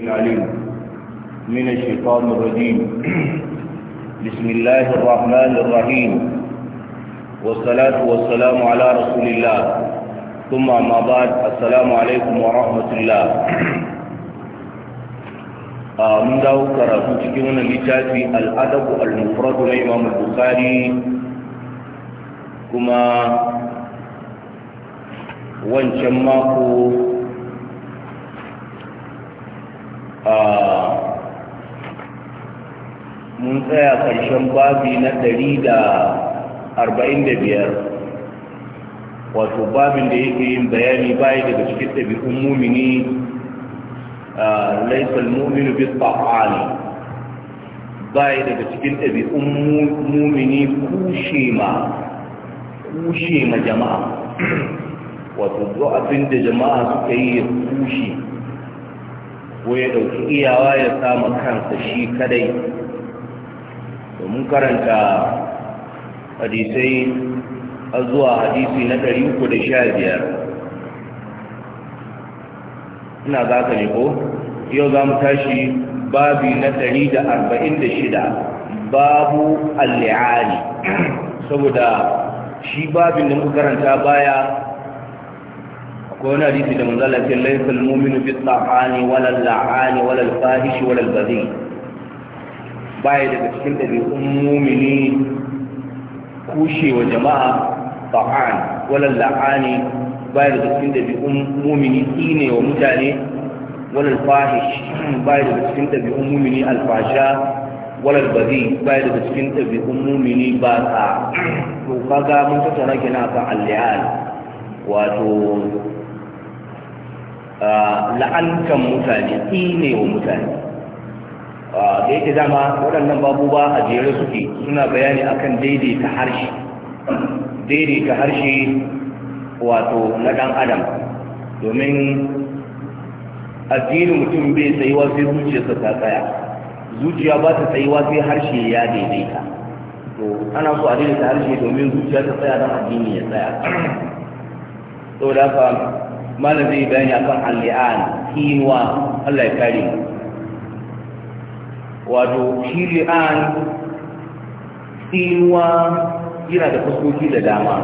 العليم من الشيطان الرجيم بسم الله الرحمن الرحيم والصلاة والسلام على رسول الله ثم ما بعد السلام عليكم ورحمة الله آه، من دعو كراتو تكون في الأدب المفرد لإمام البخاري كما وانشماكو mun tsaya ƙarshen babi na ɗari da arba'in da biyar wato babin da yake yin bayani baya daga cikin ɗabi'un mumini laifin mumini bis ta'ani baya daga cikin ɗabi'un mumini kushe ma kushe ma jama'a wato zo abin da jama'a suka yi ya kushe ko ya ɗauki iyawa ya sama kansa shi kadai domin karanta hadisai har zuwa hadisi na ɗari ina za ka ne ko yau za mu tashi babi na ɗari da arba'in da shida babu saboda shi babin da muka karanta baya wani hadisi da manzala ce laifin muminu fi tsakani walal la'ani walal fahishi walal bazi baya daga cikin ɗabi'un mumini kushe wa jama'a tsakani walal la'ani baya daga cikin ɗabi'un mumini tsine wa mutane walal fahish baya daga cikin ɗabi'un mumini alfasha walal bari bai daga cikin ɗabi'un mumini ba ta to kaga mun tattauna kina kan al wato la'ankan mutane ne wa mutane da yake zama waɗannan babu ba a jere suke suna bayani akan daidaita harshe daidaita harshe wato na ɗan adam domin addinin mutum bai tsayuwa sai zuciyarsa ta tsaya zuciya ba ta tsayuwa sai harshe ya daidaita to ana so a daidaita harshe domin zuciya ta tsaya don addini ya tsaya malam zai bayani akan al-li'an kiwa Allah ya kare wato shi li'an yana da fuskoki da dama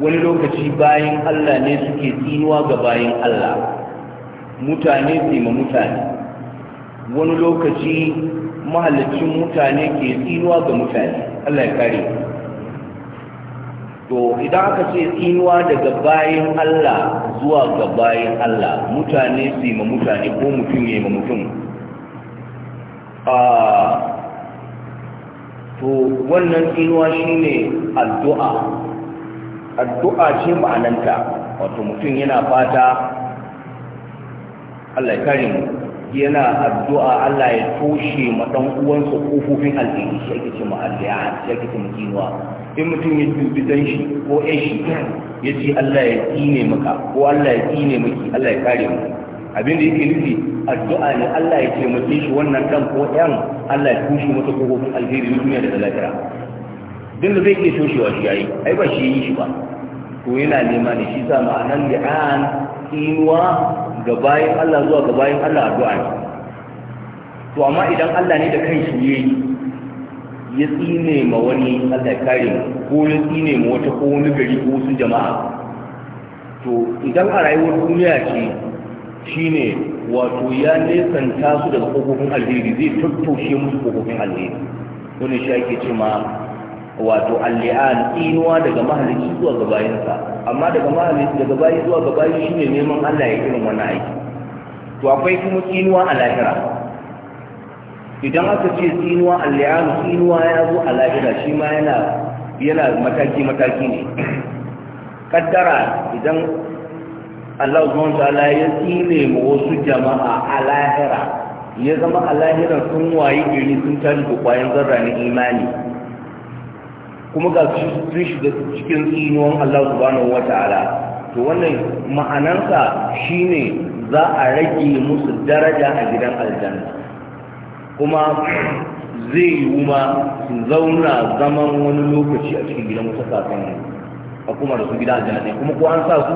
wani lokaci bayan Allah ne suke tsinuwa ga bayan Allah mutane ma mutane wani lokaci mahallicin mutane ke tsinuwa ga mutane Allah ya kare to idan aka ce tsinuwa daga bayan Allah zuwa ga bayan Allah mutane su ma mutane ko mutum ya ma mutum ah, to wannan tsinuwa ne addu'a addu'a ce ma'ananta wato mutum yana fata Allah mu yana addu'a Allah ya toshe ma dan uwansa kofofin alheri shi ake ce ma ake ce in mutum ya dubi dan shi ko ɗan shi ya ce Allah ya tsine maka ko Allah ya tsine maki Allah ya kare mu abin da yake nufi addu'a ne Allah ya taimake shi wannan dan ko ɗan Allah ya kushe ko kofofin alheri na duniya da lafiya din da zai iya toshewa shi yayi ai ba shi yi shi ba to yana nema ne shi sa ma'anan an tsinuwa ga bayan Allah zuwa ga bayan Allah addu'a ne to amma idan Allah ne da kanshi yayi ya tsine ma wani tsakari ko ya tsine ma wata ko wani gari ko wasu jama'a to idan a rayuwar duniya ce shine wato ya nesanta su daga kofofin alheri zai tattaushe musu kofofin alheri wani shi ake ce ma wato alli'an inuwa daga mahalicci zuwa gabayinsa, amma daga mahalicci daga bayi zuwa gabayi shi shine neman Allah ya kira wannan aiki to akwai kuma inuwa a lahira idan aka ce tsinuwa a lianu tsinuwa ya zo a lahira shi ma yana yana mataki mataki ne kaddara idan Allah zuwan tsala ya tsine ma wasu jama'a a lahira ya zama a lahira sun waye gari sun tari da kwayan zarra na imani kuma ga sun shiga cikin tsinuwan Allah zuwan ta'ala to wannan ma'anansa shine za a rage musu daraja a gidan aljanna kuma zai yi ma sun zauna zaman wani lokaci a cikin gidan wata sakon a kuma da su gida a ne kuma ko an sa su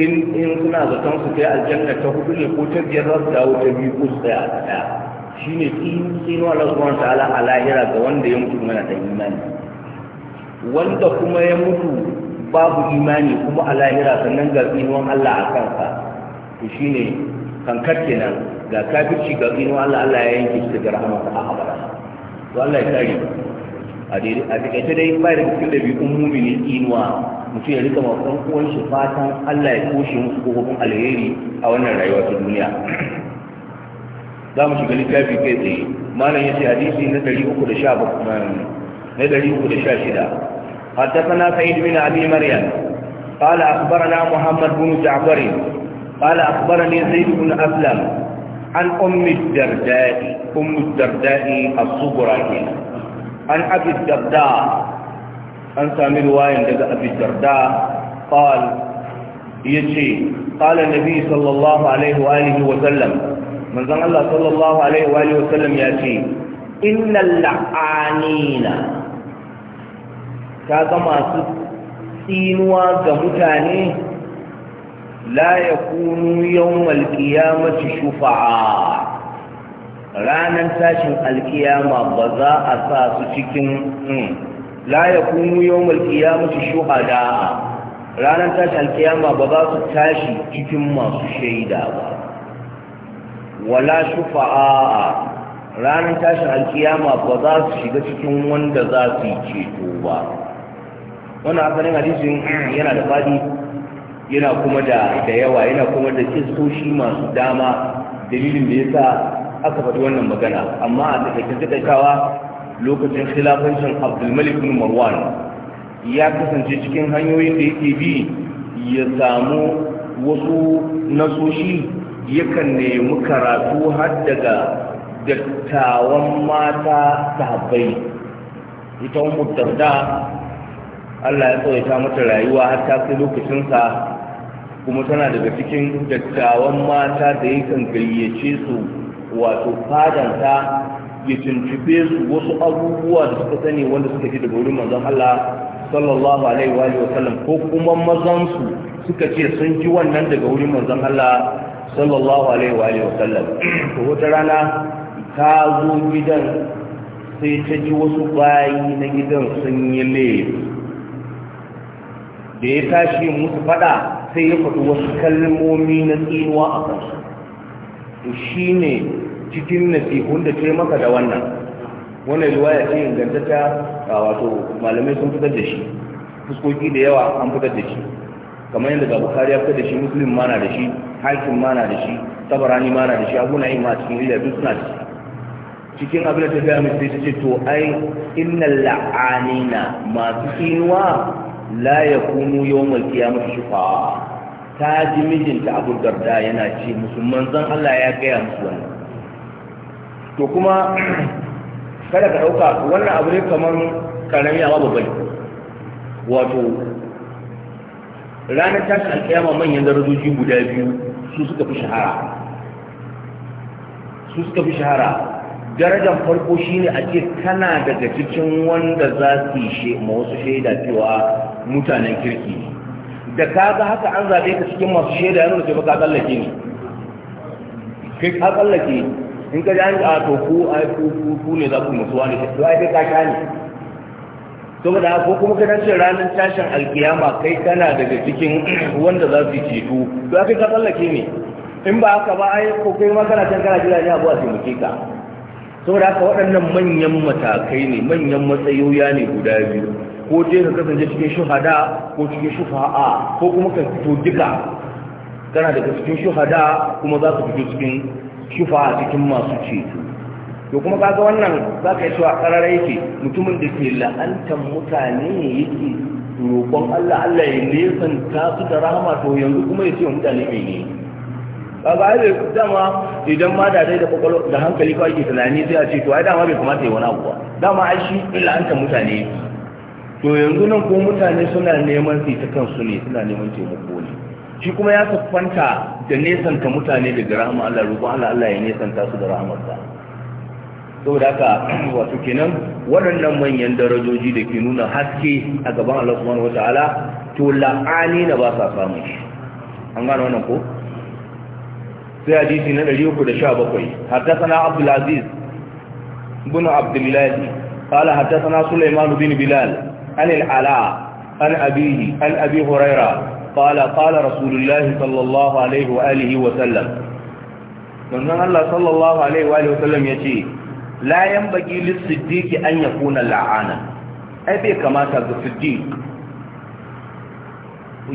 in in suna zaton kansu kai aljanna ta hudu ne ko ta biyar za su dawo ta biyu ko su tsaya a tsaya shi ne tsino Allah subhanahu ta ala alahira ga wanda ya mutu mana da imani wanda kuma ya mutu babu imani kuma alahira sannan ga tsinuwan Allah a kansa to shine kankar kenan ga kafirci ga inuwa Allah Allah ya yanke shi daga rahama ta abada to Allah ya kare a daidaita dai ba da cikin ɗabi'un muminin inuwa mutum ya rika mafi uwan shi fatan Allah ya koshe musu kofofin alheri a wannan rayuwa ta duniya za mu shiga littafi kai tsaye malam ya ce hadisi na uku uku da da sha sha Na 316 حدثنا سعيد بن أبي مريم قال أخبرنا محمد بن جعفر قال أخبرني زيد بن أسلم عن أم الدرداء أم الدرداء الصغرى عن أبي الدرداء عن سامي رواية لدى أبي الدرداء قال يجي قال النبي صلى الله عليه وآله وسلم من ذن الله صلى الله عليه وآله وسلم يأتي إن اللعانين كذا ما سينوا كمتانيه la yau yawmal qiyamati shufa'a ranar tashin alkiyama ba za a sa su cikin la ranar alkiyama ba za su tashi cikin masu shaida ba wala shufa'a ranar tashi alkiyama ba za su shiga cikin wanda za su yi ceto ba wannan asalin hadisin yana da faɗi. yana kuma da da yawa yana kuma da kistoshi masu dama dalilin da ya sa aka faɗi wannan magana amma a takaitan takaitawa lokacin khilafancin abdulmalik bin marwan ya kasance cikin hanyoyin da yake bi ya samu wasu nasoshi yakan nemi karatu har daga dattawan mata sahabbai ita mu darda Allah ya tsawaita mata rayuwa har ta kai lokacinsa kuma tana daga cikin dattawan mata da yakan gayyace su wato fadanta ya cincife su wasu abubuwa da suka sani wanda suka ji daga wurin manzon Allah sallallahu alaihi wa sallam ko kuma mazan su suka ce sun ji wannan daga wurin manzon Allah sallallahu alaihi wa sallam to wata rana ta zo gidan sai ta ji wasu bayi na gidan sun yi laifi da ya tashi musu fada sai ya faɗi wasu kalmomi na tsinuwa a kansu to shi ne cikin nasihun da ce maka da wannan wannan riwaya ce ingantacca wato malamai sun fitar da shi fuskoki da yawa an fitar da shi kamar yadda ga bukari ya fitar da shi musulun mana da shi haikin mana da shi tabarani mana da shi abu na yin ma cikin iliya duk suna ciki cikin abin da ta gaya mai sai ce to ai inna la'anina masu tsinuwa la yakunu yawmal qiyamati shufa'a ta ji mijinta Abu Darda yana ce musu manzon Allah ya gaya musu wannan to kuma kada ka ɗauka wannan abu ne kamar karami amma babbai wato ranar tashin alkiyama manyan darajoji guda biyu su suka fi shahara su suka fi shahara darajar farko shine a ce kana daga cikin wanda za su yi ma wasu shaida cewa mutanen kirki da ka ga haka an zaɓe ka cikin masu shaida yana ce ka tsallake ne kai ka tsallake in ka ji an a to ku a ku ne za ku musu wani? to ai kai ka sha to da ko kuma kana dace ranar tashin alkiyama kai kana daga cikin wanda za su yi ceto to kai ka tsallake ne in ba haka ba ai ko kai ma kana can kana jira ne abu a muke ka saboda haka waɗannan manyan matakai ne manyan matsayoya ne guda biyu ko dai ka kasance cikin shuhada ko cikin shufa'a ko kuma ka fito duka kana daga cikin shuhada kuma za ka fito cikin shufa'a cikin masu ce. to kuma kaga wannan za ka yi cewa ƙararai ke mutumin da ke la'antar mutane yake roƙon Allah Allah ya nesanta su da rahama to yanzu kuma ya ce wa mutane mai ne ba yi dama idan ma da dai da kokolo da hankali kawai ke tunani sai a ce to ai dama bai kamata ya wani abu ba dama ai shi illa ta mutane to yanzu nan ko mutane suna neman su ta kansu ne suna neman taimako ne shi kuma ya siffanta da nesanta mutane daga rahama Allah roƙon Allah Allah ya nesanta su da rahamarsa saboda haka wato kenan waɗannan manyan darajoji da ke nuna haske a gaban Allah subhanahu wataala to la'ani na ba sa samu an gano wannan ko sai hadisi na 317 hatta sana abdulaziz bin abdullahi kala hatta sana suleiman bin bilal an al'ala an abihi an abi huraira kala kala rasulullahi sallallahu alaihi wa wa sallam wannan Allah sallallahu alaihi wa wa sallam yace layan yanbaghi lis-siddiqi an kuna la'ana ai bai kamata ga siddiq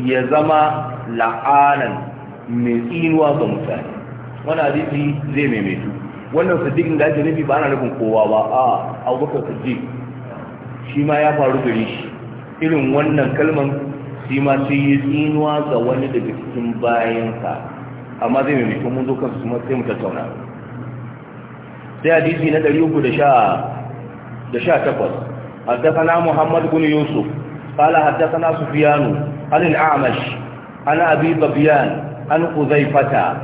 ya zama la'anan mai tsinuwa ga mutane wani hadisi zai maimaitu wannan siddiq da ake nufi ba ana nufin kowa ba a abubakar siddiq shi ma ya faru gari shi irin wannan kalman shi ma sai yi tsinuwa ga wani daga cikin bayansa amma zai maimaitu mun zo kansu kuma sai mu tattauna sai hadisi na 318 حدثنا muhammad بن yusuf قال حدثنا سفيان عن Amash. عن أبي ظبيان an huzaifata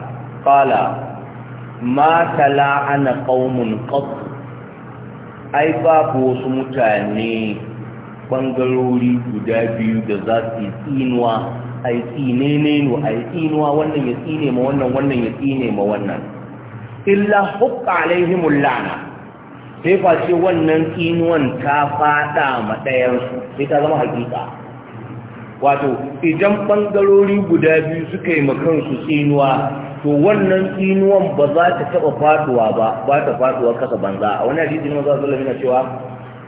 qala ma tala'ana qaumun qat ai babu wasu mutane bangarori guda biyu da za su yi tsinuwa ai tsine ne no ai tsinuwa wannan ya tsine ma wannan wannan ya tsine ma wannan illa hukka alaihimul la'na sai face wannan tsinuwan ta fada ma ɗayansu sai ta zama hakika wato idan bangarori guda biyu suka yi makansu tsinuwa to wannan tsinuwan ba za ta taba faduwa ba ba ta faduwa kasa banza a wani hadisi ne maza sallallahu alaihi cewa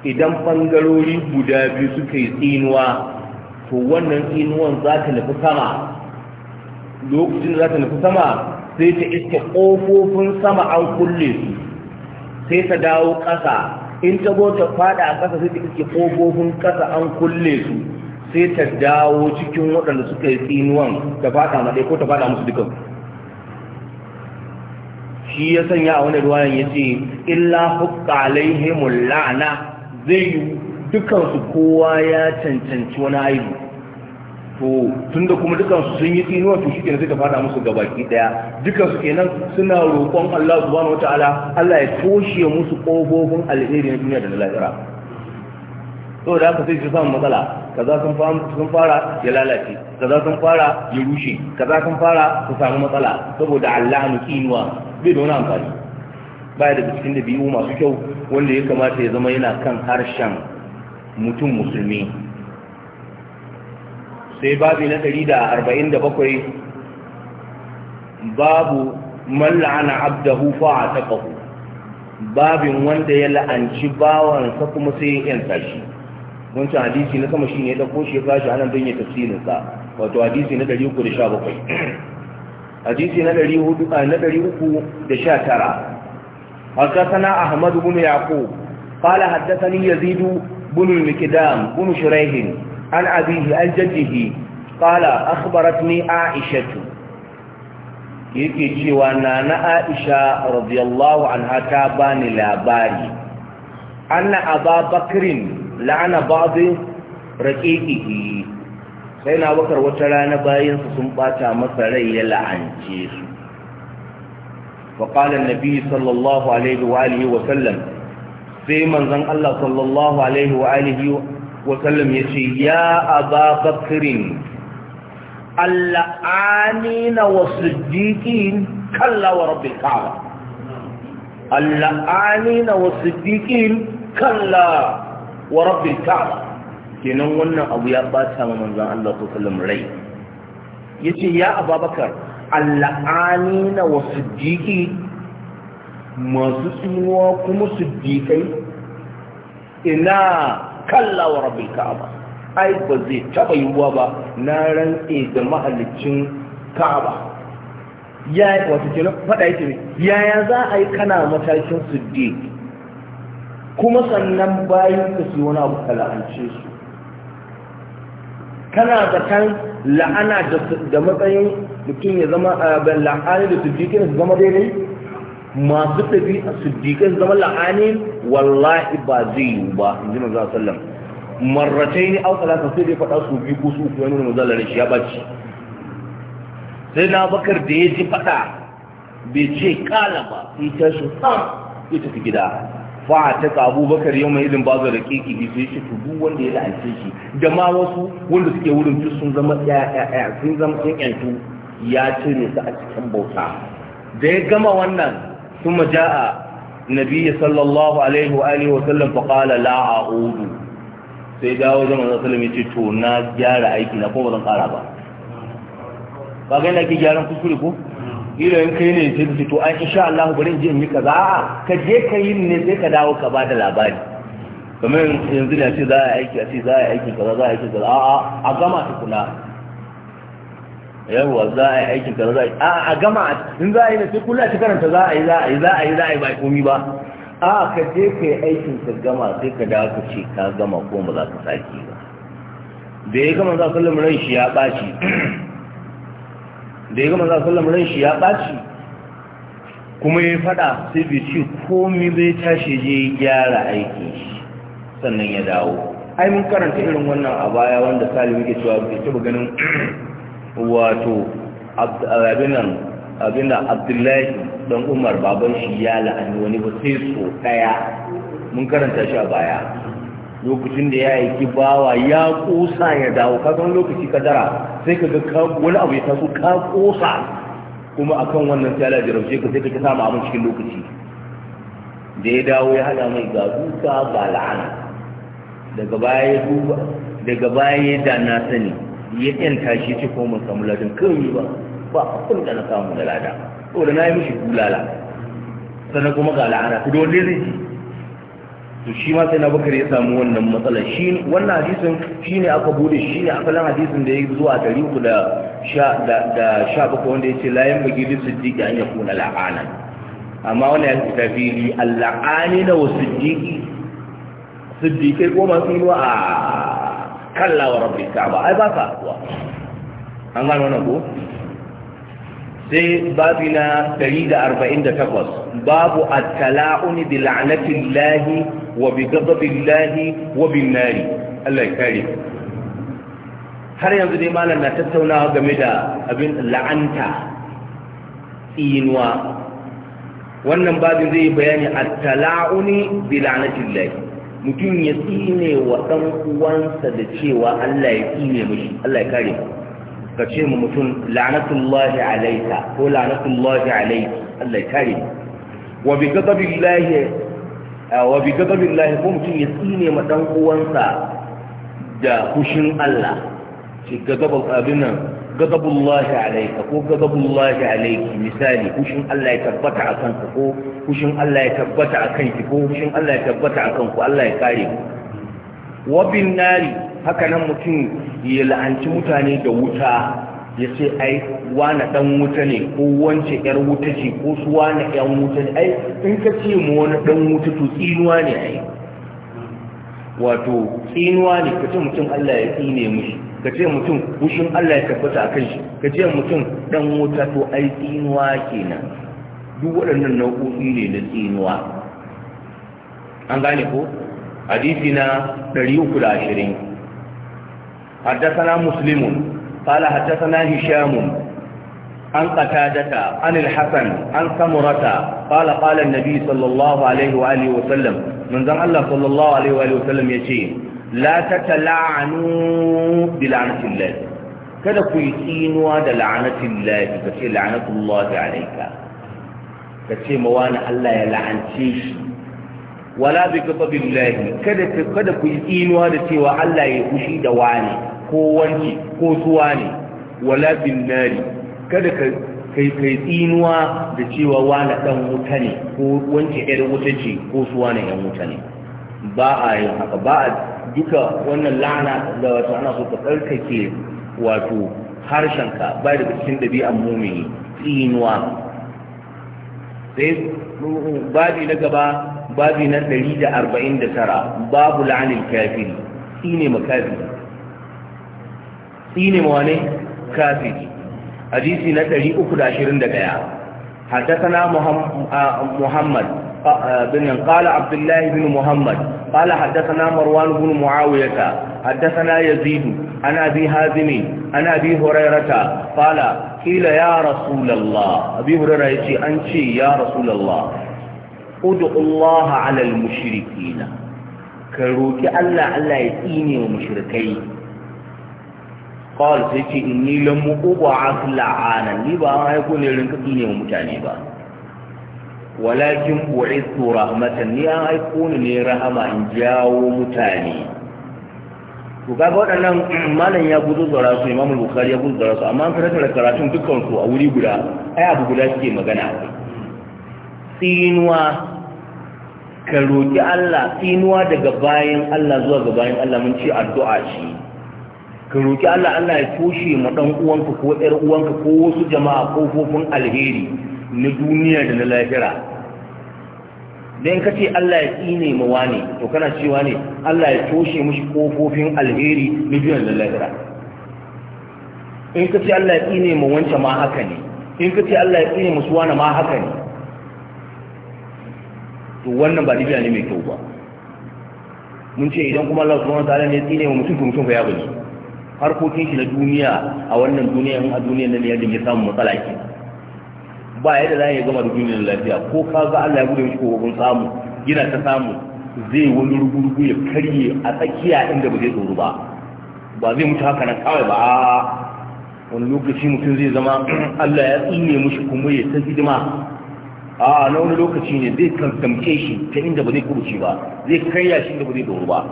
idan bangarori guda biyu suka yi tsinuwa to wannan tsinuwan za ta nufi sama lokacin za ta nufi sama sai ta iske kofofin sama an kulle su sai ta dawo ƙasa in ta go ta fada a ƙasa sai ta iske kofofin ƙasa an kulle su sai ta dawo cikin waɗanda suka yi tsinuwan ta faɗa maɗe ko ta faɗa musu dukan shi ya sanya a wani ruwayan ya ce illa hukka alaihimul la'ana zai yi dukansu kowa ya cancanci wani aibu to tun da kuma dukansu sun yi tsinuwan to ke sai ta fada musu gabaki daya dukansu kenan suna roƙon Allah subhanahu wataala Allah ya toshe musu ƙofofin alheri na duniya da na lahira to da haka sai su samu matsala kaza sun sun fara ya lalace kaza sun fara ya rushe kaza sun fara su samu matsala saboda allahnu kinuwa bai da wani amfani baya da cikin dabi'u masu kyau wanda ya kamata ya zama yana kan harshen mutum musulmi sai babi na 147 babu man la'ana abdahu fa ataqahu babin wanda ya la'anci bawansa kuma sai ya yanta shi mun ci hadisi na sama shi ne ta shi ya kashi anan don ya tafsirin sa wato hadisi na 317 hadisi na 400 na 319 حدثنا أحمد بن يعقوب قال حدثني يزيد بن المكدام بن شريح عن أبيه عن جده قال أخبرتني عائشة yake cewa na na aisha radiyallahu anha ta bani labari anna ababakirin bakrin la'ana ba'dhi raqiqihi sai na bakar wata rana bayan su sun bata masa rai ya la'ance su fa qala nabi sallallahu alaihi wa alihi wa sallam sai manzan Allah sallallahu alaihi wa alihi wa sallam ya ce ya ababakirin was-siddiqin kalla wa rabbil ka'bah اللعانين والصديقين كلا rabin الكعبة kenan wannan abu ya bata ma manzan Allah sallallahu alaihi wasallam rai yace ya Abubakar alla'ani na wasujjiki masu tsinuwa kuma sujjikai ina kalla wa rabbil ka'aba ai ba zai taɓa yiwuwa ba na rantse da mahallicin ka'aba ya wato ke faɗa yake ne yaya za a yi kana matakin siddiq kuma sannan bayan ka su wani abu ka la'ance su kana kan la'ana da matsayin mutum ya zama ban la'ani da siddiqin su zama daidai masu tafi a siddiqin su zama la'ani wallahi ba zai yi ba in ji maza sallam marratai ne auka talata sai dai faɗa su biyu ko su uku ya nuna manzo shi ya baci sai na bakar da ya ji faɗa bai ce ƙala ba sai ta shi sam ya tafi gida fa ta tsabu, Bakar yau mai irin bazo da keke bi sai shi tudu wanda ya la'ance shi da ma wasu wanda suke wurin duk sun zama ɗaya sun zama sun yantu ya cire su a cikin bauta da ya gama wannan sun maja'a nabiya sallallahu alaihi wa alihi wa sallam fa qala la a'udu sai dawo zaman sallallahu alaihi wa sallam ya ce to na gyara aiki na ko ba zan ƙara ba ba ga yana ke gyaran kuskure ko ila yin kai ne sai fito, an insha Allah bari in je in yi kaza a ka je ka yi ne sai ka dawo ka bada labari kamar yanzu da ce za a aiki a ce za a aiki kaza za a aiki kaza a a gama tukuna yawa za a yi aikin kaza za a yi a gama in za a yi na sai kula ta karanta za a yi za a yi za a yi za a yi ba komi ba a ka je ka yi aikin ka gama sai ka dawo ka ce ka gama ko ba za ka sake ba da ya gama za ka lamuran shi ya ɓaci da ya gama za sallama ran shi ya ɓaci kuma ya faɗa sai bai ce komi bai tashi je gyara aiki sannan ya dawo ai mun karanta irin wannan a baya wanda salim yake cewa bai taɓa ganin wato abin da abdullahi don umar baban shi ya la'ani wani ba sai so ɗaya mun karanta shi a baya lokacin da ya yi kibawa ya kosa ya dawo kasan lokaci kadara sai ka ga wani abu ya taso ka kosa kuma akan wannan tsala da rauce ka sai ka samu abin cikin lokaci da ya dawo ya hada mai ga duka ga la'ana daga baya ya duba daga baya ya da na sani ya yanta shi ce ko mun samu ladan kai ba ba abin da na samu da lada to da na yi mishi bulala sannan kuma ga la'ana ku dole zai ji to shi ma sai na bakar ya samu wannan matsala shi wannan hadisin shi ne aka bude shi ne lan hadisin da ya zuwa ɗari uku da sha bakwai wanda ya ce layan bagi da Siddiki, an ya kuna la'ana amma wani ya fita fili alla'ani na wa Siddiki. siddiƙai ko masu yi wa a kallawa rabbi ka ba ai ba sa an gano wannan ko sai babi na 148 babu at-tala'un bi la'natillahi wa bi ghadabillahi wa bin nari Allah ya kare har yanzu dai malam na tattaunawa game da abin la'anta tsinuwa wannan babin zai bayani at-tala'uni bi la'natillahi mutum ya tsine wa dan uwansa da cewa Allah ya tsine mishi Allah ya kare mu ka ce mu mutum la'anatullahi alaika ko la'anatullahi alaiki Allah ya kare wa bi ghadabillahi wa bi ghadabillahi ko mutum ya tsine ma dan uwansa da kushin Allah shi gadabul abin nan ghadabullahi alaika ko ghadabullahi alaiki misali kushin Allah ya tabbata akan ka ko kushin Allah ya tabbata akan ki ko kushin Allah ya tabbata akan ku Allah ya kare ku wabin nari haka nan mutum ya la'anci mutane da wuta ya ce ai wane dan wuta ne ko wance yar wuta ce ko su wane yan wuta ne ai in ka ce mu wani dan wuta to tsinuwa ne ai wato tsinuwa ne ka ce mutum Allah ya tsine mushi ka ce mutum bushin Allah ya tabbata a kan shi ka ce mutum dan wuta to ai tsinuwa kenan duk waɗannan nau'o'i ne na tsinuwa an gane ko حديثنا دريوك العشرين حدثنا مسلم قال حدثنا هشام عن قتادة عن الحسن عن سمرة قال قال النبي صلى الله عليه وآله وسلم من ذن الله صلى الله عليه وآله وسلم يشيء لا تتلعنوا بلعنة الله kada ku yi tsinuwa da la'anatin lahi ka ce la'anatun lahi alaika ka ce mawa na Allah ya la'ance shi wala bi ghadabillahi kada kada ku yi tsinuwa da cewa Allah ya kushi da wani ko wani ko suwa ne wala bin nari kada ka kai kai tsinuwa da cewa wani dan wuta ne ko wani ɗan wuta ce ko suwa ne ɗan wuta ne ba a yi haka ba a duka wannan la'ana da wato ana so ka tsarkake wato harshenka ba da cikin dabi'an mumini tsinuwa sai babi na gaba babi na 149 babu la'anin kafin shi ne makafi shi ne mawane kafin hadisi na 321 haddasana muhammad bin qala abdullahi bin muhammad qala haddasana marwan bin muawiyata haddasana yazidu ana bi hazimi ana bi hurairata qala qila ya rasulullah abi hurairata yace an ce ya rasulullah udu Allah ala al-mushrikina ka roki Allah Allah ya tsine wa mushrikai qal sai ce inni lam ub'ath la'ana ni ba ai ko ne rinka tsine wa mutane ba walakin bu'ithu rahmatan ni an aiko ni ne rahama in jawo mutane to kaga waɗannan malam ya gudu zara su imam bukhari ya gudu zara su amma an da karatun a wuri guda ai abu guda suke magana tsinuwa ka roƙi Allah tsinuwa daga bayan Allah zuwa ga bayan Allah mun ce addu'a ce ka roƙi Allah Allah ya toshe ma ɗan uwanka ko ɗan uwanka ko wasu jama'a kofofin alheri na duniya da na lahira dan ka ce Allah ya tsine ma wani to kana cewa ne Allah ya toshe mishi kofofin alheri na duniya da na lahira in ka ce Allah ya tsine ma wancan ma haka ne in ka ce Allah ya tsine musu wani ma haka ne to wannan ba ɗabi'a ne mai kyau ba mun ce idan kuma Allah subhanahu wataala ne tsine wa mutum kuma ya bari harkokin shi na duniya a wannan duniya in a duniyar nan ya dinga samun matsala ke ba yadda za ya gama da duniyar lafiya ko ka ga Allah ya gode shi ko samu yana ta samu zai wani rugurugu ya karye a tsakiya inda ba zai tsoro ba ba zai mutu haka nan kawai ba wani lokaci mutum zai zama Allah ya tsine mushi kuma ya ta hidima a na wani lokaci ne zai kankamce shi ta inda ba zai kurci ba zai karya shi da ba zai doru ba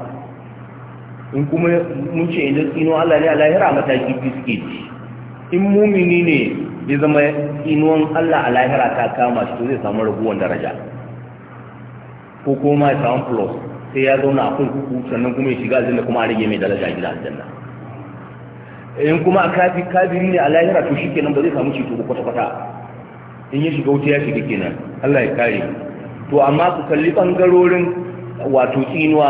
in kuma mun ce idan ino Allah ne a lahira mataki fiske in mumini ne zai zama inuwan Allah a lahira ta kama shi to zai samu raguwan daraja ko kuma ya samu plus sai ya zauna a kurkuku sannan kuma ya shiga aljanna kuma a rage mai daraja a gida aljanna in kuma a kafi kafiri ne a lahira to kenan ba zai samu ceto ba kwata-kwata in ya shiga wuta ya shiga kenan Allah ya kare to amma ku kalli bangarorin wato tsinuwa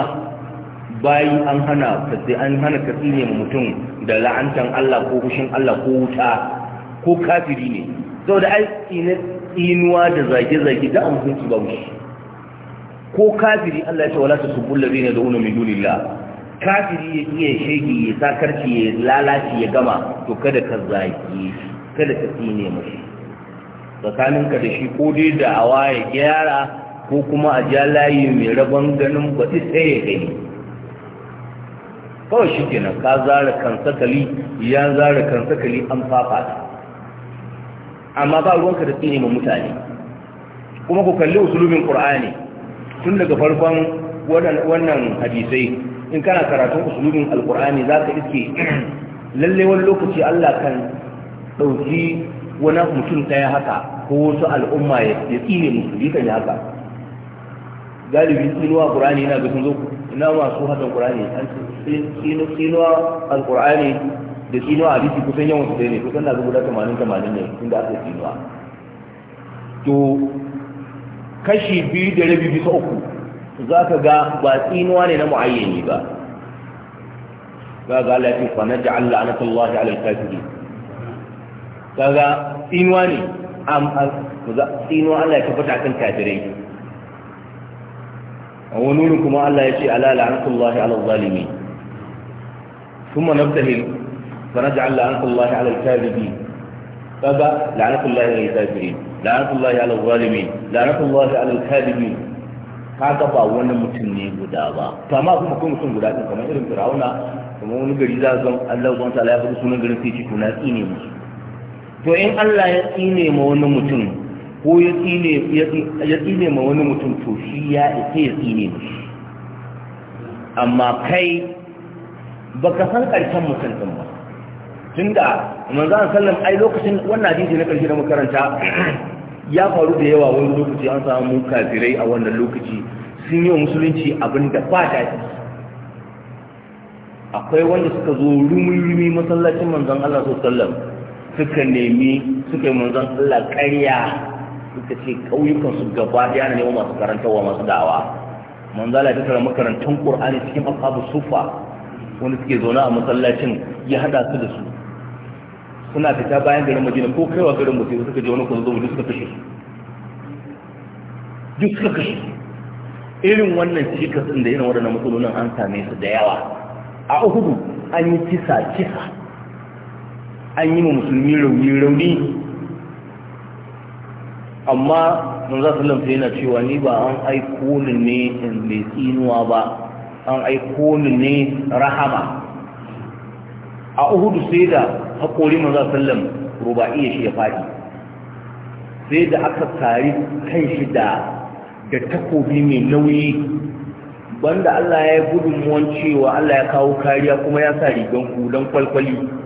bayi an hana sai an hana ka tsine mutum da la'antan Allah ko fushin Allah ko wuta ko kafiri ne da ai tsinuwa da zage-zage da amfani ba shi ko kafiri Allah ya ce wala tasubbu alladhina da'una min dunillah kafiri ya iya shege ya sakarci ya lalace ya gama to kada ka zage kada ka tsine mashi tsakaninka da shi ko dai da awa ya gyara ko kuma a ja layi mai rabon ganin baɗi tsaye gani kawai shi kenan ka zara kan sakali ya zara kan sakali an ta amma ba ruwanka da tsini ma mutane kuma ku kalli usulumin qur'ani tun daga farkon wannan hadisai in kana karatun usulumin alqur'ani zaka iske lalle wani lokaci Allah kan ɗauki. wani mutum ɗaya haka ko wasu al'umma ya tsine musu kan yi haka galibi tsinuwa ƙur'ani yana ga sun zo ina masu hasan ƙur'ani an tsinuwa al-ƙur'ani da tsinuwa a biki kusan yawan su ne kusan na guda tamanin tamanin ne inda aka tsinuwa to kashi biyu da rabi bisa uku za ka ga ba tsinuwa ne na mu'ayyani ba za ga Allah ya fi fa na ja'alla anatullahi alal kafirin kaga tsinuwa ne am tsinuwa Allah ya tabbata akan kafirai a wani wurin kuma Allah ya ce ala zalimi ala ala ala ala wani mutum ne guda ba kuma mutum guda kamar irin Firauna kuma wani gari za a zan Allah ya faɗi sunan garin sai ce na musu to in Allah ya tsine ma wani mutum ko ya tsine ma wani mutum to shi ya ita ya tsine mashi amma kai baka san karshen mutum ɗin ba tun da a sallam ai lokacin wannan hadisi na karshe da makaranta ya faru da yawa wani lokaci an samu kafirai a wannan lokaci sun yi wa musulunci abin da ba daɗi akwai wanda suka zo rumi-rumi masallacin manzan Allah sallam suka nemi suka yi manzon Allah ƙarya suka ce ƙauyukan su gaba ya na neman masu karantarwa masu da'awa manzala ya tattara makarantun Qur'ani cikin ashabu sufa wanda suke zaune a masallacin ya hada su da su suna fita bayan garin Madina ko kaiwa garin Madina suka je wani kun zo suka kashe su duk suka kashe irin wannan cikas ɗin da irin waɗannan matsalolin an same su da yawa a Uhudu an yi kisa kisa an yi ma musulmi rauni-rauni amma za sallam sai yana cewa ni ba an aiko ni ne in bai tsinuwa ba an aiko ni ne rahama a uhudu sai da haƙori lamfe sallam iya shi ya faɗi sai da aka tari kan shi da da takobi mai nauyi banda Allah ya yi gudunmuwan cewa Allah ya kawo kariya kuma ya sa rigan kudan kwalkwali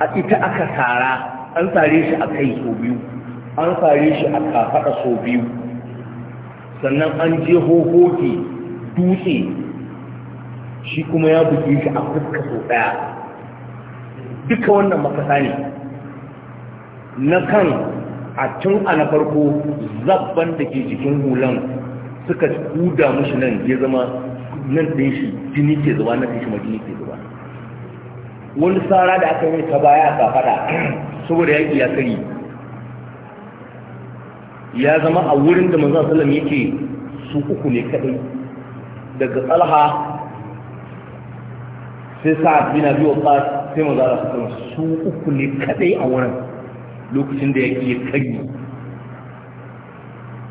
a ita aka tara an sare shi a kai sau biyu an tsare shi a kafaɗa sau biyu sannan an je hohoki dutse shi kuma ya buge shi a fuska so ɗaya duka wannan makasa ne na kan a tun a na farko zabban da ke jikin hulan suka huda mashi nan ya zama nan ɗin shi jini ke zuba na ɗin shi ma ke zuba wani tsara da aka yi ta baya a kafada saboda yaki ya kari ya zama a wurin da manzon salam yake su uku ne kadai daga tsalha sai sa'ad bina biyu waqqas sai manzon Salam su uku ne kadai a wurin lokacin da ya kari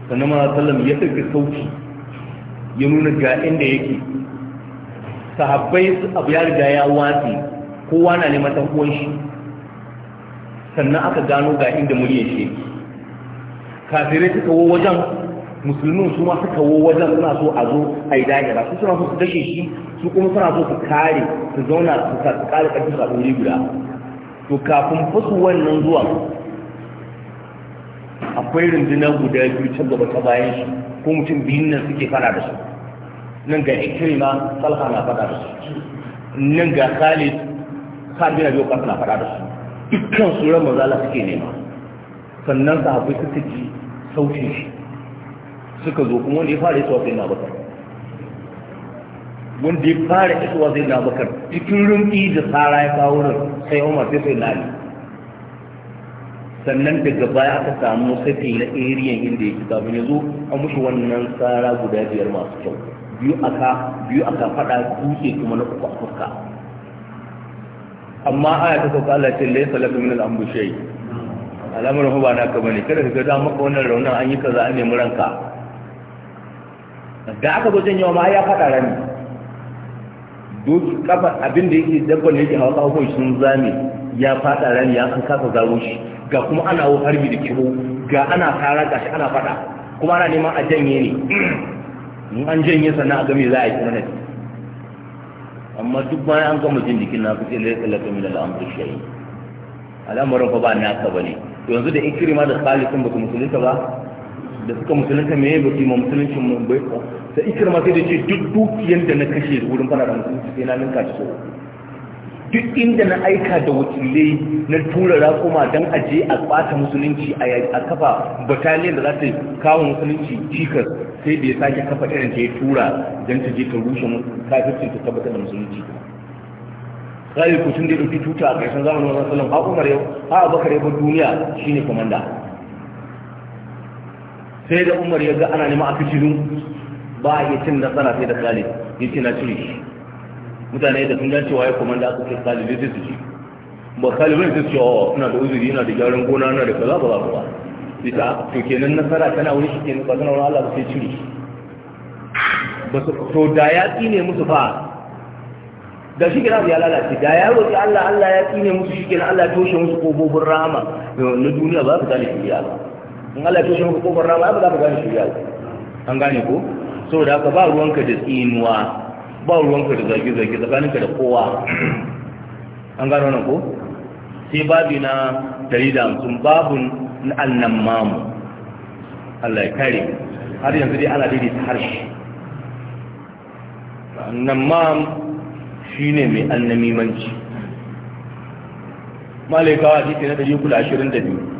sannan manzon Salam ya dauki sauki ya nuna ga inda yake sahabbai abu ya riga ya watsi kowa na neman ɗan uwan shi sannan aka gano ga inda muryar shi kafirai suka wo wajen musulmi su ma suka wo wajen suna so a zo a yi dajira su suna so su kashe shi su kuma suna so su kare su zauna su kare ƙarfi su a ɗori guda to kafin fasu wannan zuwa akwai rundunar guda biyu can gaba ta bayan shi ko mutum biyun nan suke fada da su nan ga ikirima salha na fada da su nan ga khalid sa'ad na abi waqas na fada da su dukkan tsoron maza manzo suke nema sannan sahabbai suka ji sautin shi suka zo kuma wanda ya fara isuwa zai na bakar wanda ya fara isuwa zai na bakar cikin rumfi da tsara ya kawo nan sai Umar sai sai nani sannan daga baya aka samu sai na eriyan inda yake kafin ya zo an mushi wannan tsara guda biyar masu kyau biyu aka biyu aka dutse kuma na uku a fuska amma aya ta sauka Allah ce lai salafi min al'ambu shai. Alamar al'amarin ba kama bane kada ka ga maka wannan raunin an yi kaza an nemi ranka da aka zo janyewa ma ya faɗa rami duk kafa abin da yake dabban da yake hawa kawo sun zame ya faɗa rami ya san kasa zaro shi ga kuma ana wo harbi da kiro ga ana kara ga shi ana faɗa kuma ana neman a janye ne in an janye sannan a game za a yi kuma na amma duk bayan an gama jin jikin na kace lai kalaka min al'amr shay'i al'amuran fa ba ba bane to yanzu da ikrima da salisun ba musulunta ba da suka musulunta me ba su musuluncin mun bai ko sai ikrima sai da ce duk dukiyar da na kashe wurin fara da musulunci sai na ninka shi duk inda na aika da wakilai na tura rakuma don aje a ɓata musulunci a kafa bataliyar da za ta kawo musulunci cikas sai da ya sake kafa irin ta ya tura don ta je ta rushe kafircin ta tabbatar da musulunci sai ku tun da ɗauki tuta a ƙarshen zamanin wasan salon ha umar yau ha abakar yau duniya shine komanda sai da umar ya ga ana nema a fitilun ba a iya cin nasara sai da khalid ya ce na cire shi mutane da sun gancewa cewa ya komanda aka ce talibai sai su ci ba talibai sai su ce oh suna da uzuri yana da gyaran gona na da kaza ba za ba ita to kenan nasara tana wani shi kenan ba suna wani Allah sai cire ba su to da ya tsine musu fa da shi kenan ya lalace da ya roƙi Allah Allah ya tsine musu shi kenan Allah ya toshe musu kofofin rama na duniya ba za ku gane shirya ba in Allah ya toshe musu ƙofofin rama ba za ka gane shirya ba an gane ko saboda haka ba ruwanka da tsinuwa ba ruwanka da zage-zage tsakaninka da kowa an gano nan ko sai babi na 150 na annan mamu Allah ya kare har yanzu dai ana daidai ta harshe annan mamu shi ne mai annamimanci malaikawa titi na 322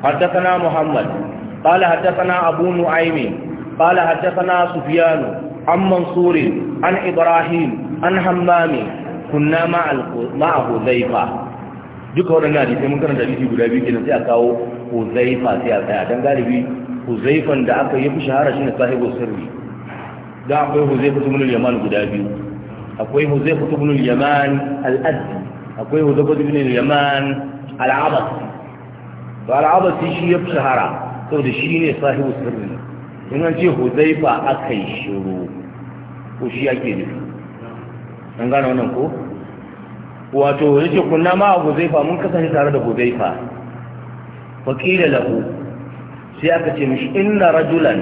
حدثنا har قال حدثنا أبو نعيم har حدثنا Sufiyanu. عن منصور عن إبراهيم عن همام كنا مع مع حذيفة duka waɗannan hadisai mun karanta hadisi guda biyu kenan sai a kawo huzaifa sai a tsaya Don galibi huzaifan da aka yi fi shahara shine sahibu sirri da akwai huzaifa ibn al-yaman guda biyu akwai huzaifa ibn al-yaman al akwai huzaifa ibn al-yaman al ba al'abasi shi ya fi shahara saboda shi ne sahibu sirri in an ce huzaifa aka yi shiru ko shi ake nufi an gane wannan ko wato yace kunna ma huzaifa mun kasance tare da huzaifa faqila lahu sai aka ce mishi inna rajulan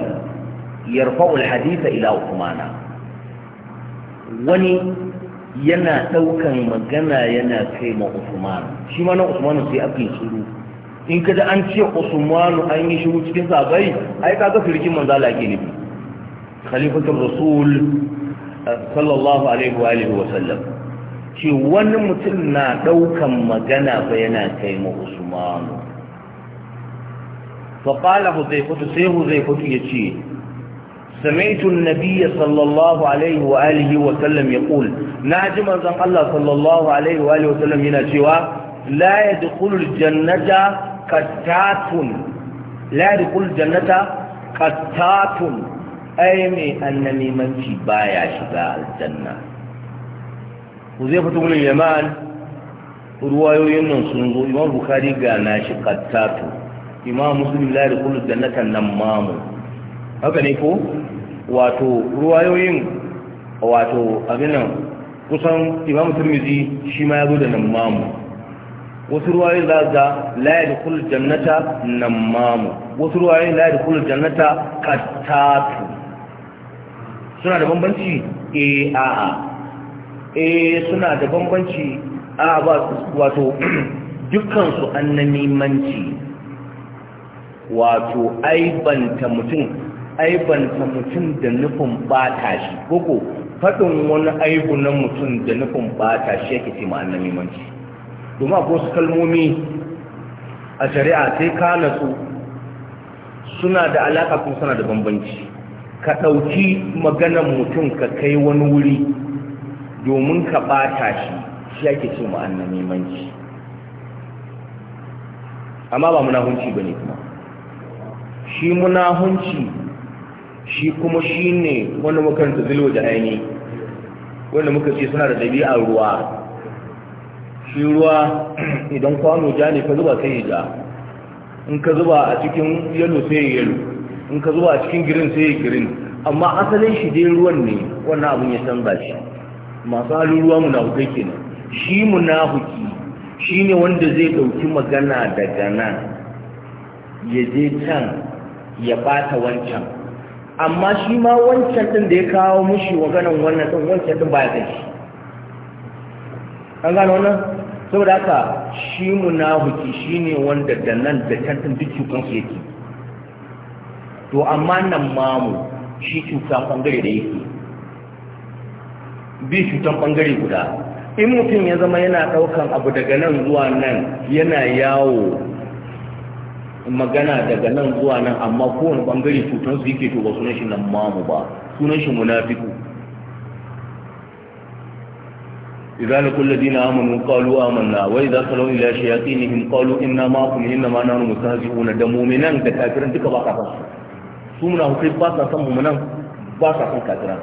yarfa'u alhaditha ila uthmana wani yana daukan magana yana kai ma Usman shi ma na Usman sai aka yi shiru in kada an ce usmanu an yi shiru cikin sabai ai ga firkin manzo Allah ke nufi khalifatul rasul eh, sallallahu alaihi wa alihi wa sallam wani mutum na daukan magana ba yana kai ma usmanu fa qala huzaifatu sai huzaifatu yace سمعت النبي صلى wa sallam وآله وسلم يقول ناجم أنزم الله صلى الله wa sallam yana cewa. La لا يدخل الجنة kattatun la yadkhul jannata kattatun. ai mai manci baya shiga aljanna fito bin Yaman ruwayoyin nan sun zo Imam Bukhari ga na shi kattatu Imam Muslim la yadkhul jannata namamu haka ne ko wato ruwayoyin wato abin nan, kusan Imam Tirmidhi shi ma ya zo da namamu wasu ruwayoyin za ga da yadkhul jannata mamu? wasu ruwayoyin da yadkhul jannata katatu suna da bambanci eh a'a eh suna da bambanci a ba wato an na annamimanci wato aibanta mutum aibanta mutum da nufin bata shi koko faɗin wani aibu na mutum da nufin bata shi yake ce na annamimanci domin akwai wasu kalmomi a shari'a sai ka nasu suna da alaƙa kuma suna da bambanci ka ɗauki maganan mutum ka kai wani wuri domin ka ɓata shi shi ake ce ma'ana nemanci amma ba munahunci ba ne kuma shi munahunci shi kuma shi ne wanda muka zilo da aini wanda muka ce suna da ɗabi'ar ruwa shi ruwa idan kwano ja ne ka zuba sai ya ja in ka zuba a cikin yalo sai ya yalo in ka zuba a cikin girin sai ya girin amma asalin shi dai ruwan ne wannan abin ya canza shi masu halin ruwa hukai kenan shi munafuki shi ne wanda zai ɗauki magana daga nan ya je can ya bata wancan amma shi ma wancan ɗin da ya kawo mushi ganin wannan ɗin wancan ɗin ba ya kai shi an gano wannan saboda haka shi munafiki shine wanda da nan da can duk cutan su yake to amma nan mamu shi cuta bangare da yake bi cutan bangare guda in mutum ya zama yana daukan abu daga nan zuwa nan yana yawo magana daga nan zuwa nan amma kowane bangare cutar su yake to ba sunan shi nan mamu ba sunan shi munafiku إذا لقوا الذين آمنوا قالوا آمنا وإذا خلوا إلى شياطينهم قالوا إنا معكم إنما نحن مستهزئون da mu'minan da kafiran duka ba ka san su muna hukai ba sa san mu'minan ba sa san kafiran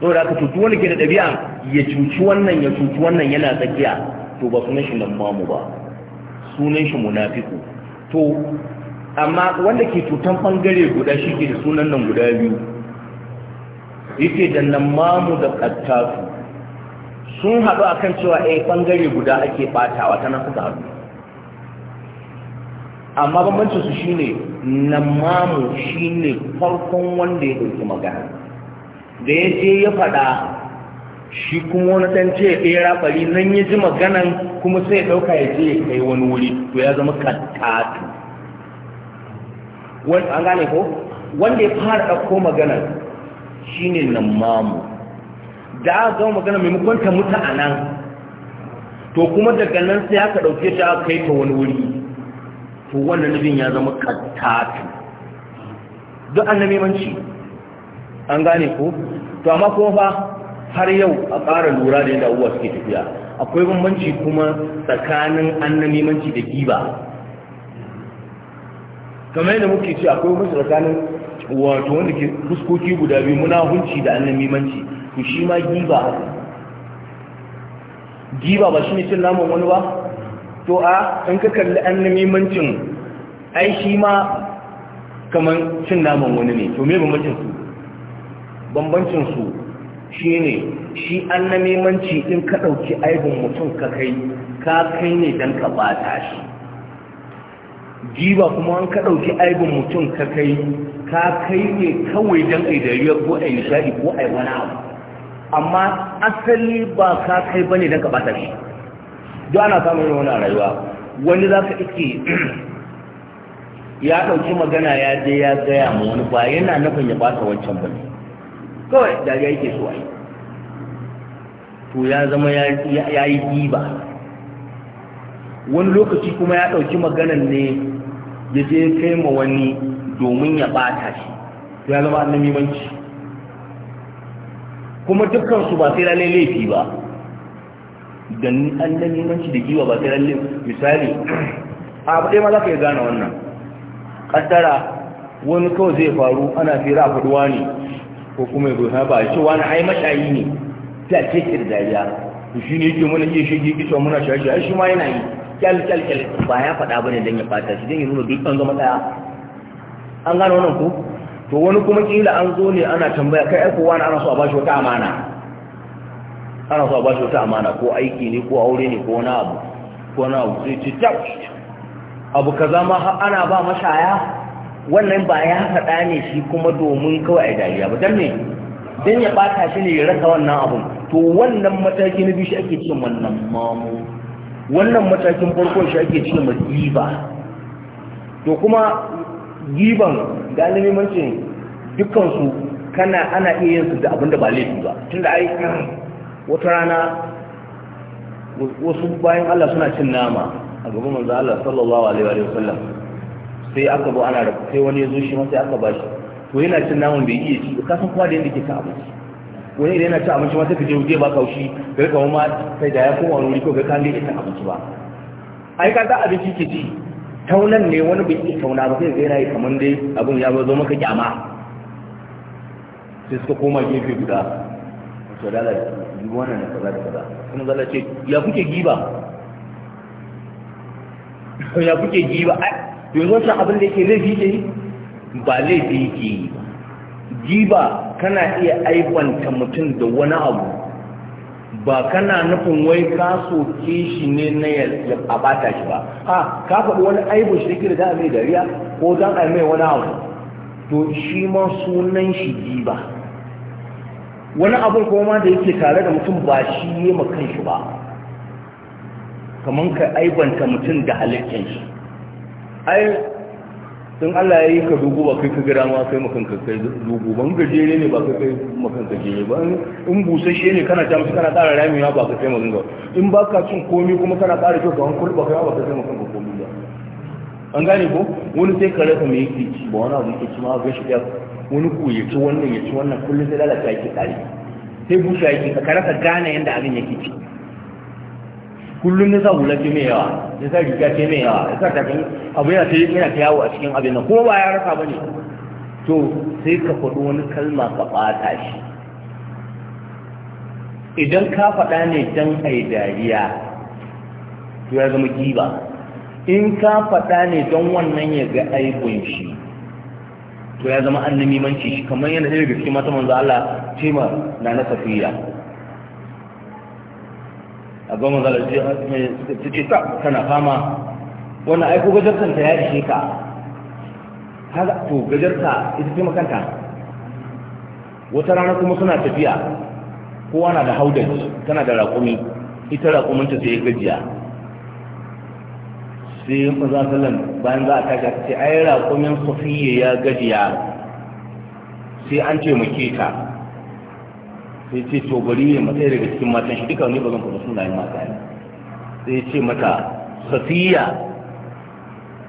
to da ka cuci wani ke da ɗabi'a ya cuci wannan ya cuci wannan yana tsakiya to ba sunan shi nan mamu ba sunan shi munafiku to amma wanda ke cutan ɓangare guda shi ke da sunan nan guda biyu yake da nan mamu da kattafu sun haɗu a kan cewa eh ɓangare guda ake ɓatawa ta nan suka haɗu amma bambancin su shine namamu ne farkon wanda ya ɗauki magana da ya je ya faɗa shi kuma wani ɗan ce ɗaya ɓari nan ya ji maganan kuma sai ya ɗauka ya je ya kai wani wuri to ya zama kattatu an gane ko wanda ya fara ɗauko maganar shine namamu da aka zama magana maimakon ta mutu a nan to kuma daga nan sai aka ɗauke ta kai ta wani wuri to wannan nufin ya zama kattatu duk annabi manci an gane ko to amma kuma fa har yau a ƙara lura da yadda uwa suke tafiya akwai bambanci kuma tsakanin annamimanci da giba kamar yadda muke ce akwai bambanci tsakanin wato wanda ke fuskoki guda biyu muna hunci da annamimanci to shi ma giba haka giba ba shi ne cin naman wani ba to a in ka kalli an nemimancin ai shi ma kamar cin naman wani ne to me bambancin su bambancin su shi ne shi an nemimanci in ka ɗauki aibin mutum ka kai ka kai ne don ka bata shi giba kuma an ka ɗauki aibin mutum ka kai ka kai ne kawai don kai ko a nishaɗi ko a wani abu amma asali ba ka kai ba ne don ka ɓata shi don ana samun wani rayuwa wani za ka ike ya ɗauki magana ya je ya gaya ma wani ba yana nufin ya ɓata wancan ba ne kawai dariya yake so to ya zama ya yi ɗiba, wani lokaci kuma ya ɗauki maganan ne ya je kai ma wani domin ya ɓata shi ya zama annabimanci kuma dukkan su ba sai lalle laifi ba da annabi manci da giwa ba sai lalle misali a ba ma za ka yi gane wannan kaddara wani kawai zai faru ana fira a faduwa ne ko kuma ya ba shi wani ai mashayi ne ta ce kir dariya to shi ne yake muna iya shige kisa muna shashi ai shi ma yana yi kyal kyal kyal ba ya faɗa bane dan ya fata shi dan ya nuna duk an zama daya an gano wannan ko to wani kuma kila an zo ne ana tambaya kai ai kowa ana so a bashi wata amana ana so a bashi wata amana ko aiki ne ko aure ne ko wani abu ko wani abu sai ce ta abu kaza ma ana ba mashaya wannan ba ya faɗa ne shi kuma domin kawai a dariya ba dan ne dan ya bata shi ne ya rasa wannan abun to wannan mataki na biyu shi ake cin wannan mamu wannan matakin farkon shi ake cin masifa to kuma giban da limancin dukansu kana ana iya yin su da abin da ba laifi ba tun da ai wata rana wasu bayan Allah suna cin nama a gaban manzo Allah sallallahu alaihi wa sallam sai aka bu ana sai wani ya zo shi ma sai aka bashi to yana cin naman bai iya ci ka san kowa da yadda ke ka abinci wani idan yana cin abinci ma sai ka je je ba kaushi kai kawo ma kai da ya koma wani ko ga kan da yake abinci ba ai ka da abinci ke ci taunan ne wani bai iya tauna ba sai zai rayu kamar dai abin ya zo maka kyama sai suka koma gefe guda wato da yi wannan da kaza da kaza kuma zalla ce ya kuke giba ya kuke giba yanzu wannan abin da yake laifi ne ba laifi yake giba kana iya aibanta mutum da wani abu ba kana nufin wai ka soke shi ne na ya abata shi ba ha ka faɗi wani aibu shi da za a mai dariya ko za a mai wani abu to shi ma sunan shi ba. wani abun kuma da yake tare da mutum ba shi ne ma kan shi ba kamar ka aibanta mutum da halittar shi don Allah ya yi ka dugu ba kai ka gira ma kai ka kai dugu ban gajere ne ba kai kai makanka gajere ba in busasshe ne kana ta kana tsara ramewa ba ka kai makanka in ba ka cin komi kuma kana tsara kyau ban ba kai ba ka kai ka komi ba an gane ko wani sai ka rasa me yake ci ba wani abu yake ci ma ga shi ya wani ku ya ci wannan ya ci wannan kullum sai lalata yake tsari sai busa yake ka rasa gane yanda abin yake ci kullum ya sa hula mai yawa ya sa riga ce mai yawa ya sa takan abu yana ta yana ta yawo a cikin abin nan ko ba ya rasa ba ne to sai ka faɗo wani kalma ka ɓata shi idan ka faɗa ne dan ai dariya to ya zama giba in ka faɗa ne don wannan ya ga aibun shi to ya zama shi kamar yana ɗaya daga cikin mata manzo Allah ce ma na na safiya a goma zalace su ce ta kana fama wannan aiko ta ya ishe ka kaga to gajarta ita ce makanta wata rana kuma suna tafiya kowa na da haudar, tana da raƙumi ita raƙuminta sai ya gajiya sai yin maza sallan bayan za a tashi sai ce ai raƙumin safiya ya gajiya sai an ce mu ke ta sai ce to bari ya matsayi daga cikin matan shi duka ne ba zan faɗa sunayen mata ne sai ce mata safiya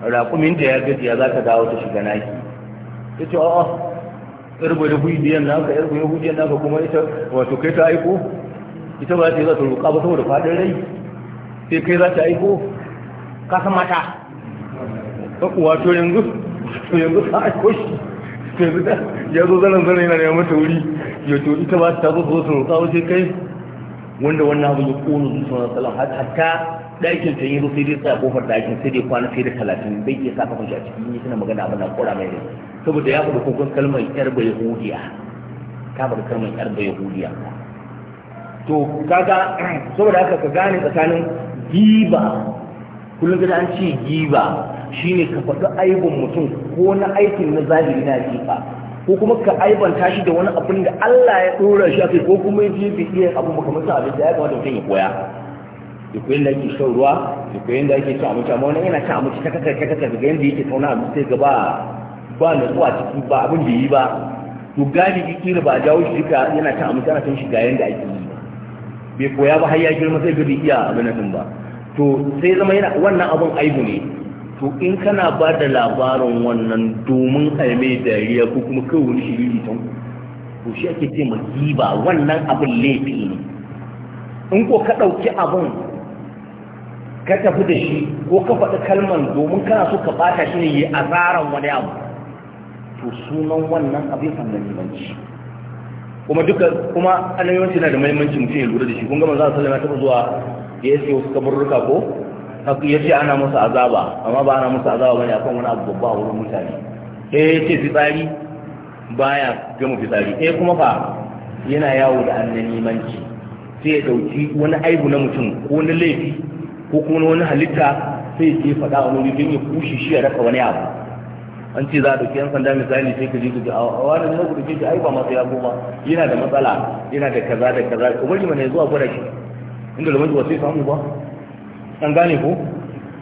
raƙuminta ya gajiya za ka dawo ta shiga naki ya ce a'a yar gwada hudiyan naka yar gwada hudiyan naka kuma ita wato kai ta aiko ita ba ta yi za ta roƙa ba saboda faɗin rai sai kai za ta aiko ka san mata wato yanzu to yanzu ta aiko shi yanzu ya zo zanen zanen yana neman mata wuri yato ita ba ta zo su roƙa wace kai wanda wannan abu ya ƙone su suna salon hatta ɗakin ta yi sai dai sa kofar ɗakin sai dai kwana sai da talatin bai iya saka kafin shi a cikin yi suna magana abin na ƙura mai rai saboda ya faɗi kokon kalmar yar bai hudiya ta faɗi kalmar yar bai hudiya to kaga saboda haka ka gane tsakanin giba kullum gida an ce giba shine ka faɗi aibin mutum ko na aikin na zahiri na jifa ko kuma ka aibanta shi da wani abin da Allah ya dora shi akai ko kuma ya fiye fiye, iya abin ba kamar abin da ya kamata mutum ya koya ya koyi da ake shan ruwa ya koyi da ake cin abinci amma wani yana cin abinci ta kakar ta kakar daga yadda yake tauna abin sai gaba ba na zuwa ciki ba abin da yi ba to galibi kira ba a jawo shi duka yana cin abinci ana cin shi ga yadda ake yi bai koya ba har ya girma sai ga bai iya abin nan ba to sai zama yana wannan abin aibu ne to in kana ba da labarin wannan domin aime dariya ko kuma kai wani yi ta to shi ake ce giba wannan abin laifi ne in ko ka ɗauki abin ka tafi da shi ko ka faɗi kalmar domin kana so ka ɓata shi ne yi tsaron wani abu to sunan wannan abin limanci kuma duka kuma annabawanci na da mahimmanci mutum ya lura da shi kun gama za a sallama taɓa zuwa da ya siya wasu kaburruka ko ya ce ana musu azaba amma ba ana musu azaba bane akan wani abu babba wurin mutane eh ya ce fitsari baya gama fitsari ɗaya eh, kuma fa yana yawo da annanimanci sai ya ɗauki wani aibu na mutum ko na laifi ko kuma wani halitta sai ya faɗa wani wuri don ya kushe shi ya raka wani abu an ce za a dauki yan sanda misali sai ka je ka ji a wani na gudu ke ai ba masa ya goma yana da matsala yana da kaza da kaza bari mana ya zuwa gwada shi inda da wasu sai samu ba an gane ko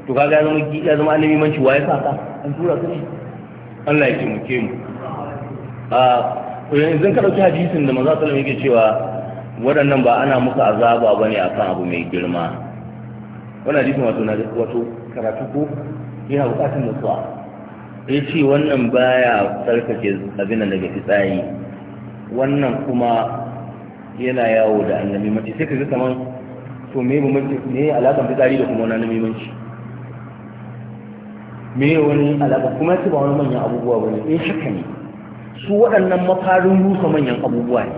to ka ga zama ya zama nemi manci waye sa ka an tura su ne Allah ya taimake mu a yanzu ka dauki hadisin da manzo sallallahu alaihi wasallam yake cewa waɗannan ba ana musu azaba bane akan abu mai girma wannan hadisin wato na wato karatu ko yana bukatar nutsuwa ya ce wannan baya tsarkake abin da daga fitsari wannan kuma yana yawo da annabi mace sai ka ga kamar to me ne me alaƙar fitsari da kuma wani namimanci me wani alaƙa kuma ya ba wani manyan abubuwa ba ne eh haka ne su waɗannan mafarin rusa manyan abubuwa ne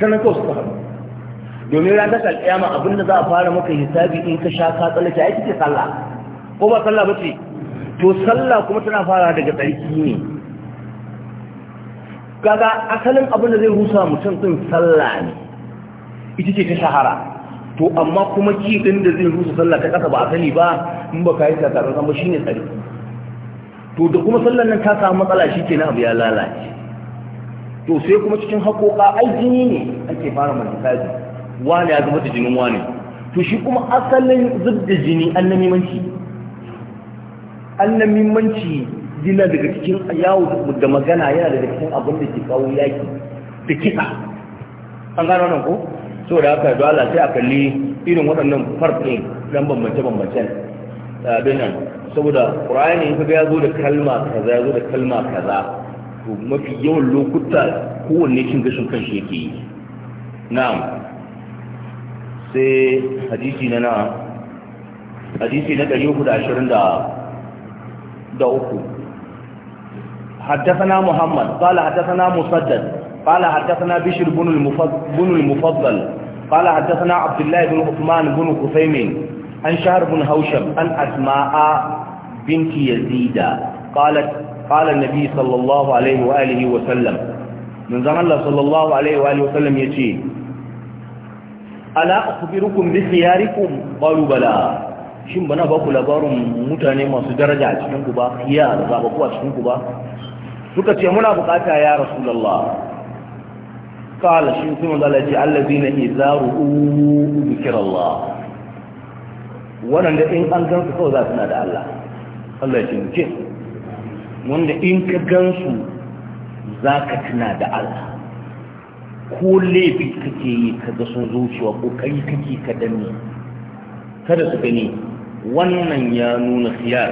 sannan kawai suka haɗu domin ranar ta kalƙiyama abin da za a fara maka hisabi in ka sha ka tsallake ai kike sallah ko ba sallah ba ce to sallah kuma tana fara daga tsarki ne kaga asalin abin da zai rusa mutum ɗin sallah ne ita ce ta shahara to amma kuma ki din da zai rusa sallah ta kasa ba a sani ba in ba kai ta tsaro ba shine tsari to da kuma sallan nan ta samu matsala shi na abu ya lalace to sai kuma cikin hakoka ai jini ne ake fara mantaji wani ya zama da jinin wani to shi kuma asalin zubda jini annamimanci annamimanci yana daga cikin yawo da magana yana daga cikin abin da ke kawo yaki da kisa an gano nan ko saboda haka dole sai a kalli irin waɗannan farɗin dan bambance-bambancen eh, abinan saboda ƙura'ani in ya zo da kalma kaza ya zo da kalma kaza to mafi yawan lokuta kowanne cin gashin kan yake yi na'am sai hadisi na na hadisi na 323 حدثنا محمد قال حدثنا مسدد قال حدثنا بشر بن المفضل قال حدثنا عبد الله بن عثمان بن قفيم عن شهر بن هوشم عن أسماء بنت يزيد قالت قال النبي صلى الله عليه وآله وسلم من زمان الله صلى الله عليه وآله وسلم يجي ألا أخبركم بخياركم قالوا بلى shin bana ba ku labarin mutane masu daraja a cikinku ba ya zaɓaɓɓu a cikinku ba suka ce muna bukata ya rasulallah قال شو ثم قال الذين إذا رؤوا ذكر الله Allah da in an gansu kawai za su na da Allah Allah ce muke wanda in ka gansu za ka tuna da Allah ko laifi kake yi ka ga sun zuciwa kokari kake ka danne kada su gani wannan ya nuna siyar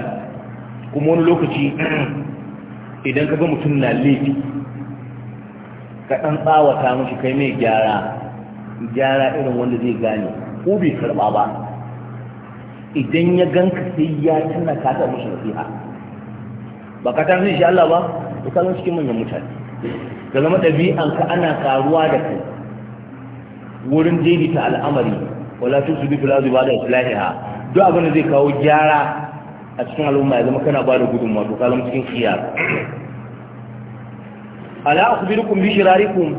kuma wani lokaci idan ka ga mutum na laifi ka ɗan tsawata mashi kai mai gyara gyara irin wanda zai gane ko bai karɓa ba idan ya ganka sai ya tana ka ta mashi nasiha ba ka tana shi Allah ba ka kallon cikin manyan mutane da zama ɗabi'an ka ana karuwa da kai wurin daidaita al'amari wala su tusubi fil ardi ba'da islahiha duk abin da zai kawo gyara a cikin al'umma ya zama kana ba da gudunmawa to kallon cikin kiyar ala akhbirukum bi shirarikum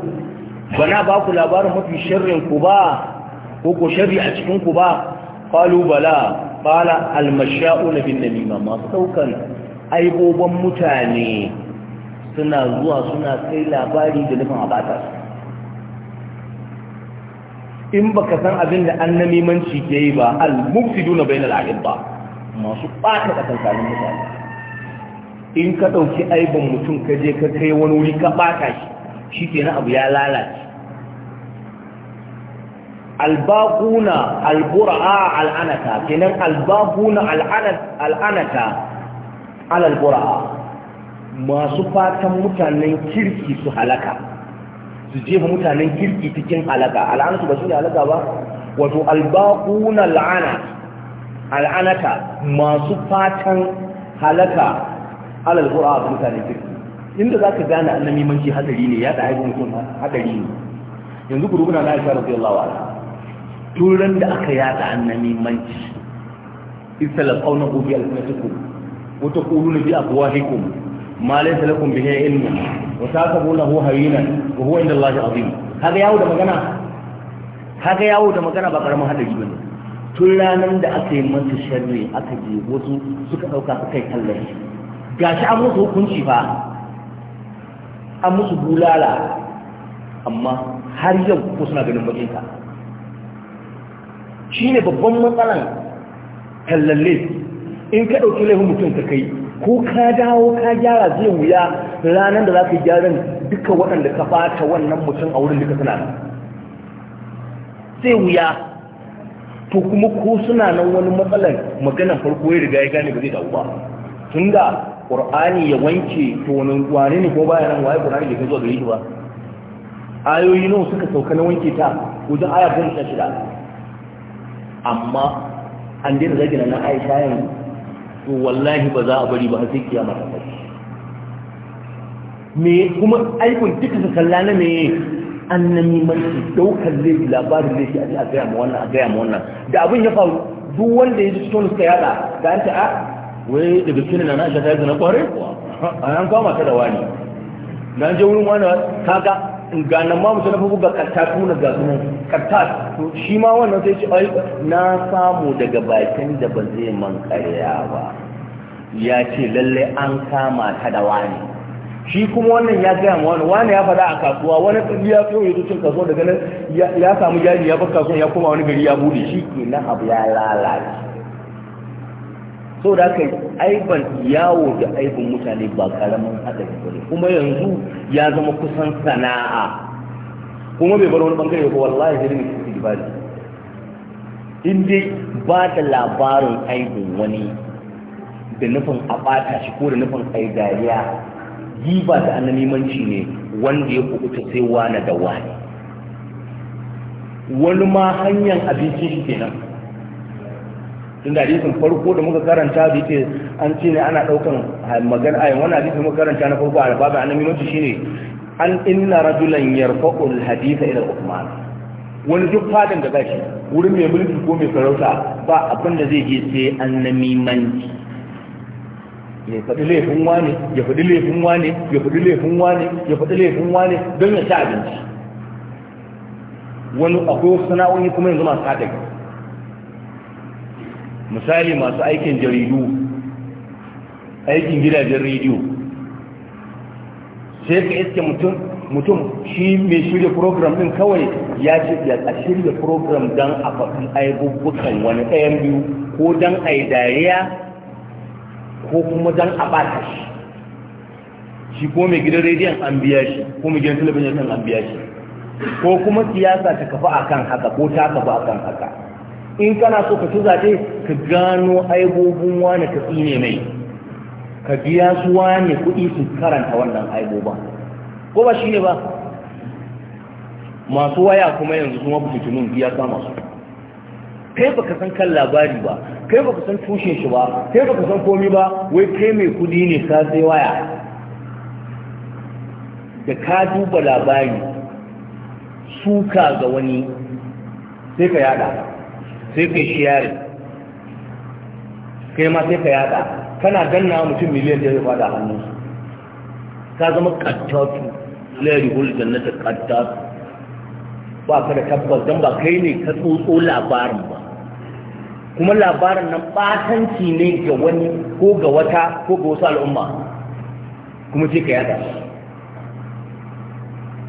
bana ba ku labarin mafi sharrin ku ba ko ko sharri a cikin ku ba qalu bala qala al masha'un bin namima ma saukan aibobon mutane suna zuwa suna kai labari da nufin abata in baka san abin da an annamimanci ke yi ba al mufsiduna bainal a'ibba masu ɓata ƙasar mutane in ka ɗauki aibin mutum ka je ka kai wani wuri ka ɓata shi shi ke na abu ya lalace albaquna albura'a al'anata Ke nan albakuna al'anata alal a masu fatan mutanen kirki su halaka su jefa mutanen kirki cikin halaka al'anatu ba su ne halaka ba wato albakuna al'anata masu fatan halaka alal qur'a ga mutane kirki inda za ka gane annabi manci hadari ne ya da haihu mutum hadari ne yanzu guru na Aisha radiyallahu anha turan da aka yada annabi manci isala qauna bi alfinatikum wa na bi afwahikum ma laysa lakum bihi ilmun wa tasabunahu hayyinan wa huwa inda Allah azim kaga yawo da magana kaga yawo da magana ba karamin hadari bane tun ranar da aka yi masa sharri aka je wasu suka ɗauka suka yi tallafi ga shi an musu hukunci fa an musu bulala amma har yau ko suna ganin bakinka shi ne babban matsalan kallalle in ka ɗauki laifin mutum ka kai ko ka dawo ka gyara zai wuya ranar da za ka gyaran duka waɗanda ka bata wannan mutum a wurin duka suna nan sai wuya to kuma ko suna nan wani matsalan maganan farko ya riga ya gane ba zai dawo ba tun da qur'ani ya wanke tonin wani ne ko baya nan waye ƙur'ani bai zo zuwa shi ba ayoyi nawa suka sauka na wanke ta wajen aya 16 amma an dai zagi na Aisha yanzu to wallahi ba za a bari ba har sai kiyama ta kai me kuma aikun duka su kalla na me annami manci daukar laifi labarin laifi a ce a gaya ma wannan a gaya ma wannan da abin ya faru duk wanda ya ji cikin suka yada da an ta a ah, wai da bikini ne na nasha ta yi zina kware a yan kama ta da wani na je wurin wani kaga ga nan ma mutum na fufu ga kattatu na ga sunan kattat shi ma wannan sai ce ai na samu daga bakin da ba zai man karya ba ya ce lalle an kama ta da wani shi kuma wannan ya gaya ma wani wani ya faɗa a kasuwa wani tsiri ya fiye da cin kasuwa daga nan ya samu jari ya bar kasuwa ya koma wani gari ya bude shi ke na abu ya lalace so da aka yi aiban yawo da aibin mutane ba karamin haɗari ba ne kuma yanzu ya zama kusan sana'a kuma bai bar wani bangare ba wallahi zai rinke su ji bari in dai ba da labarin aibin wani da nufin a ɓata shi ko da nufin ai dariya ba da annamimanci ne wanda ya kubuta sai wani da wani wani ma hanyar abincin shi kenan tun da hadisin farko da muka karanta da yake an ce ne ana daukan magana ayin wannan hadisin muka karanta na farko a babu annabi mutu shine an inna rajulan yarfa'u alhadith ila uthman wani duk fadin da gashi wurin mai mulki ko mai sarauta ba abin da zai je sai an namimanci ya faɗi laifin wane ya faɗi laifin wane ya faɗi laifin wane ya faɗi laifin wane don ya ci abinci wani akwai sana'o'i kuma yanzu masu haɗari misali masu aikin jaridu aikin gidajen rediyo sai ka iske mutum mutum shi mai shirya program din kawai ya ce ya a shirya program don a faɗin aibubukan wani ɗayan biyu ko don a yi dariya ko kuma don a ɓata shi shi ko mai gidan rediyon an biya shi ko mai gidan talabijin an biya shi ko kuma siyasa ta kafa akan haka ko ta kafa akan haka in kana so ka ci zaɓe ka gano aibobin wane ka tsine mai ka biya su wane kuɗi su karanta wannan aiboba ko ba shi ne ba masu waya kuma yanzu kuma fitinun biya kama su kai ka san kan labari ba kai ka san tushen shi ba kai ka san komi ba wai kai mai kuɗi ne ka sai waya da ka duba labari suka ga wani sai ka yada sai kai shi yare kai ma sai ka yada kana ganna mutum miliyan da ya fada hannun ka zama kattatu lairi hul jannata kattatu ba ka da tabbas don ba kai ne ka tsotso labarin ba kuma labarin nan batanci ne ga wani ko ga wata ko ga wasu al'umma kuma sai ka yada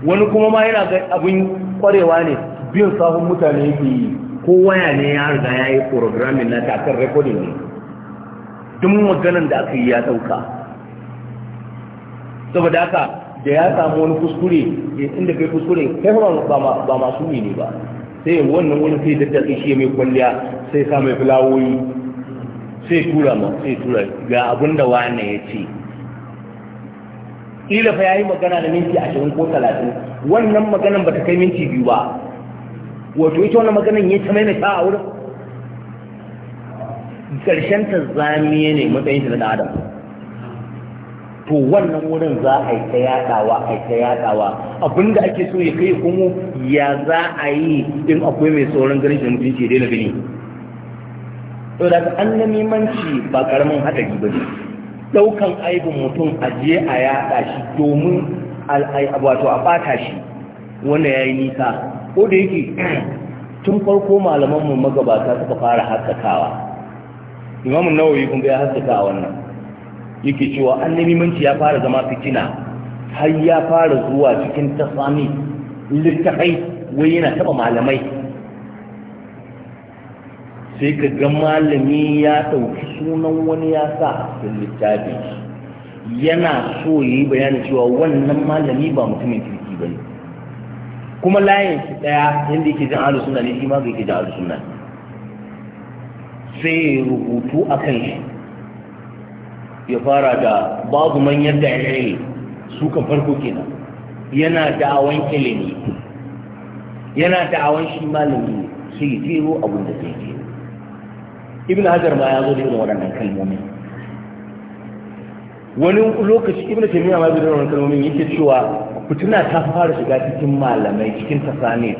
wani kuma ma yana abin kwarewa ne biyan sahun mutane yake yi ko waya ne ya riga ya yi programin na takar rekodin ne duk maganan da aka yi ya sauka. saboda haka da ya samu wani kuskure inda kai kuskure kai ba masu ne ba sai wannan wani sai daddatsi shi mai kwalliya sai sa mai filawoyi, sai tura ma sai tura ga abin da wane ya ce ila fa yayi magana da minti ashirin ko talatin wannan maganan ba ta kai minti biyu ba wato ita wannan maganan ya ta maimaita a wurin karshen ta zamiye ne matsayin ta na adam to wannan wurin za a yi ta yaɗawa, a yi ta yaɗawa, abinda ake so ya kai kuma ya za a yi in akwai mai sauran ganin shi mutunci ya daina gani to da an na ba karamin hadari ba ne Ɗaukan aibin mutum a je a yaɗa shi domin wato a ɓata shi wanda ya yi nisa ko da yake tun farko malamanmu mu magabata suka fara haskakawa imam nawawi kun ga ya a wannan yake cewa annabi manci ya fara zama fitina har ya fara zuwa cikin tasami littafai wai yana taba malamai sai ka ga malami ya ɗauki sunan wani ya sa littafi yana so ya yi bayanin cewa wannan malami ba mutumin kirki ba ne kuma layin shi daya yadda yake jin ahlus sunna ne shi ma ga yake jin ahlus sunna sai rubutu akan shi ya fara da babu man yadda ilmi su kan farko kenan yana da'awan ilimi yana da'awan shi malami ne sai jero abin da zai jero ibn hajar ma ya zo da irin waɗannan kalmomin wani lokaci ibn taymiya ma zai da waɗannan kalmomin yake cewa fituna ta fara shiga cikin malamai cikin tasani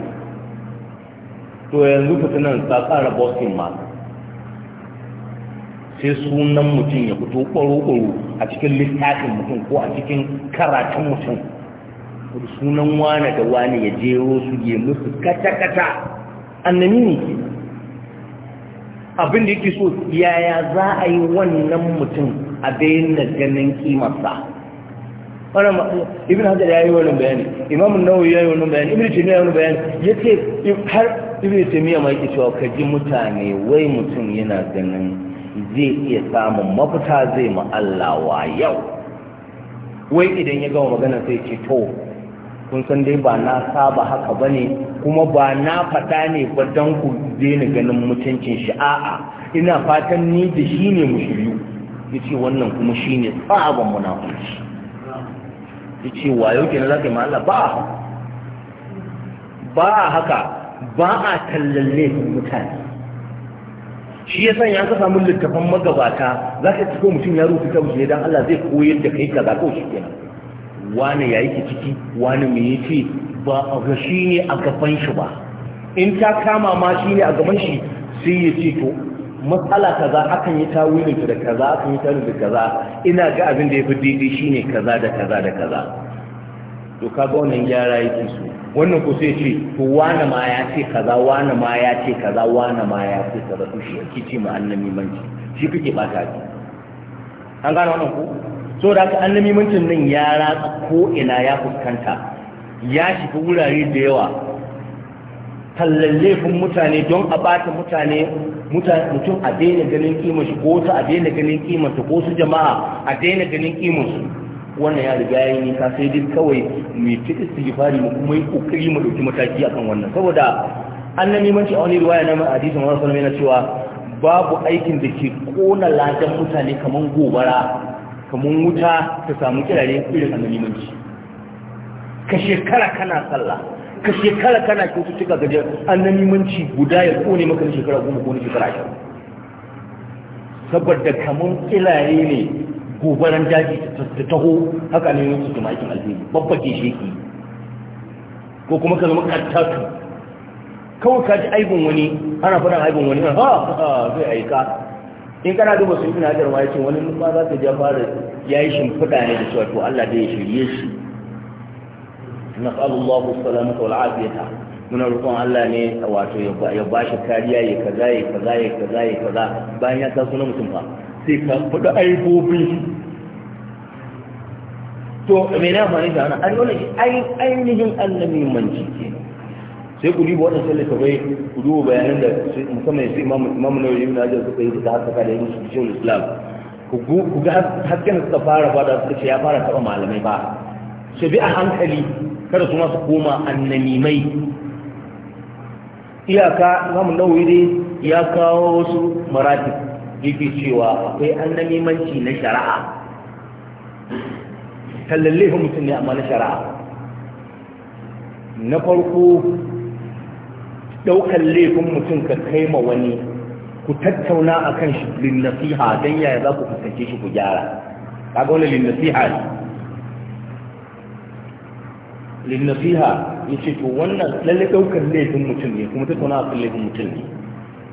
to yanzu fitinan ta tsara boston ma sai sunan mutum ya fito ƙwaro-ƙwaro a cikin littafin mutum ko a cikin karatun mutum sunan wane da wane ya jero su ya musu kata-kata annami ne ke abin da yake so yaya za a yi wannan mutum a bayan da ganin kimarsa wannan ibn hajar yayi wannan bayani imam an-nawawi yayi wannan bayani ibn taymiya yayi wannan bayani yace har ibn taymiya ma yake cewa kaji mutane wai mutum yana ganin zai iya samun mafita zai ma Allah wa yau wai idan ya gama magana sai ce to kun san dai ba na saba haka bane kuma ba na faɗa ne ba dan ku daina ganin mutuncin shi a'a ina fatan ni da shi shine mushriyu yace wannan kuma shine tsaban munafiki ta ce wayo ke na za ka yi ba a ba a haka ba a tallan mutane shi ya san ya ka samu littafan magabata za ka ciko mutum ya rufe ta wuce dan Allah zai koyar da kai kaza ko shi kenan wani ya yi ciki wani me ce? ba a ga shi ne a gaban shi ba in ta kama ma shi ne a gaban shi sai ya ce to matsala kaza akan yi tawilin da kaza akan yi tawilin da kaza ina ga abin da ya fi daidai shine kaza da kaza da kaza to kaga wannan gyara yake so wannan ko sai ce to wani ma ya ce kaza wani ma ya ce kaza wani ma ya ce kaza to shi ake ce ma annabi manci shi kake bata ki an gane wannan ko so da aka annabi mancin nan ya ratsa ko ina ya fuskanta ya shiga wurare da yawa tallalle kun mutane don a bata mutane mutum a daina ganin kimar shi ko ta a daina ganin kimar ta ko su jama'a a daina ganin kimar su wannan ya riga ya yi nisa sai dai kawai mai ta istighfari mu kuma yi ƙoƙari mu dauki mataki akan wannan saboda an na neman shi a wani riwaya na hadisin wannan sallallahu yana cewa babu aikin da ke kona ladan mutane kaman gobara kaman wuta ta samu kirare irin annabi manci ka shekara kana sallah ka shekara kana kyaututtuka ga jar annamimanci guda ya kone maka na shekara goma ko na shekara ashirin saboda kamar tsilaye ne gobaran daji ta taho haka ne yin su tumakin alheri babbake sheki ko kuma ka zama kattatu kawai ka ji aibin wani ana faɗin aibin wani ha ha zai aika in kana duba sun fi na jarwa ya ce wani numfa za ta ja fara ya yi shimfiɗa ne da cewa to Allah zai shirye shi نسأل الله السلامة والعافية muna roƙon Allah ne wato ya ba shi kariya ya kaza ya kaza ya kaza ya kaza bayan ya sa sunan mutum ba sai ka faɗi aibobin to me na sai ku duba wannan sallata bai ku duba bayanan da musamman su imamu imamu nawawi ibn hajar suka yi da haka da yin shi islam ku ga hakkin suka fara fada suka ce ya fara taɓa malamai ba su bi a hankali kada su masu koma annamimai iyaka zamu nauyi dai ya kawo wasu maratib yake cewa akwai annamimanci na shari'a tallalle mutum ne amma na shari'a na farko ɗaukar laifin mutum ka kai ma wani ku tattauna akan shi shi linnasiha don yaya za ku fuskance shi ku gyara kaga wani linnasiha ne linnasiha yace ce to wannan lalle ɗaukar laifin mutum ne kuma tattauna a kan laifin mutum ne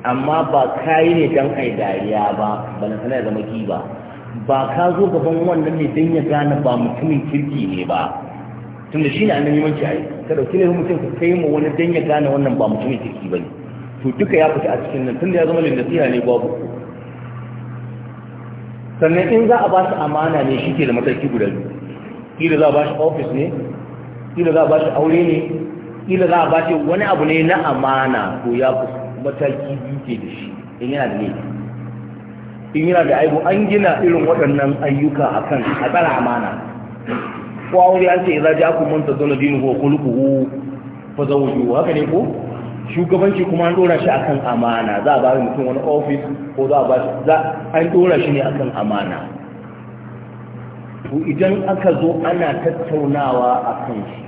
amma ba ka yi ne don ai dariya ba bana sana ya zama ki ba ka zo gaban wannan ne don ya gane ba mutumin kirki ne ba tun da shi ne annan yimanci a yi ka ɗauki laifin mutum ka kai mu wani don ya gane wannan ba mutumin kirki ba ne to duka ya fita a cikin nan tun da ya zama linnasiha ne babu sannan in za a ba shi amana ne shi ke da mataki guda biyu kila za a ba shi ofis ne kila za a bashi aure ne kila za a bashi wani abu ne na amana ko ya mataki biyu ke da shi in yana da ne in yana da aibu an gina irin waɗannan ayyuka a kan a tsara amana ko aure an ce za idza ja'akum man tadawna ko wa ko fa zawjuhu haka ne ko shugabanci kuma an dora shi akan amana za a ba mutum wani ofis ko za a ba shi za an dora shi ne akan amana Ko idan aka zo ana tattaunawa akan shi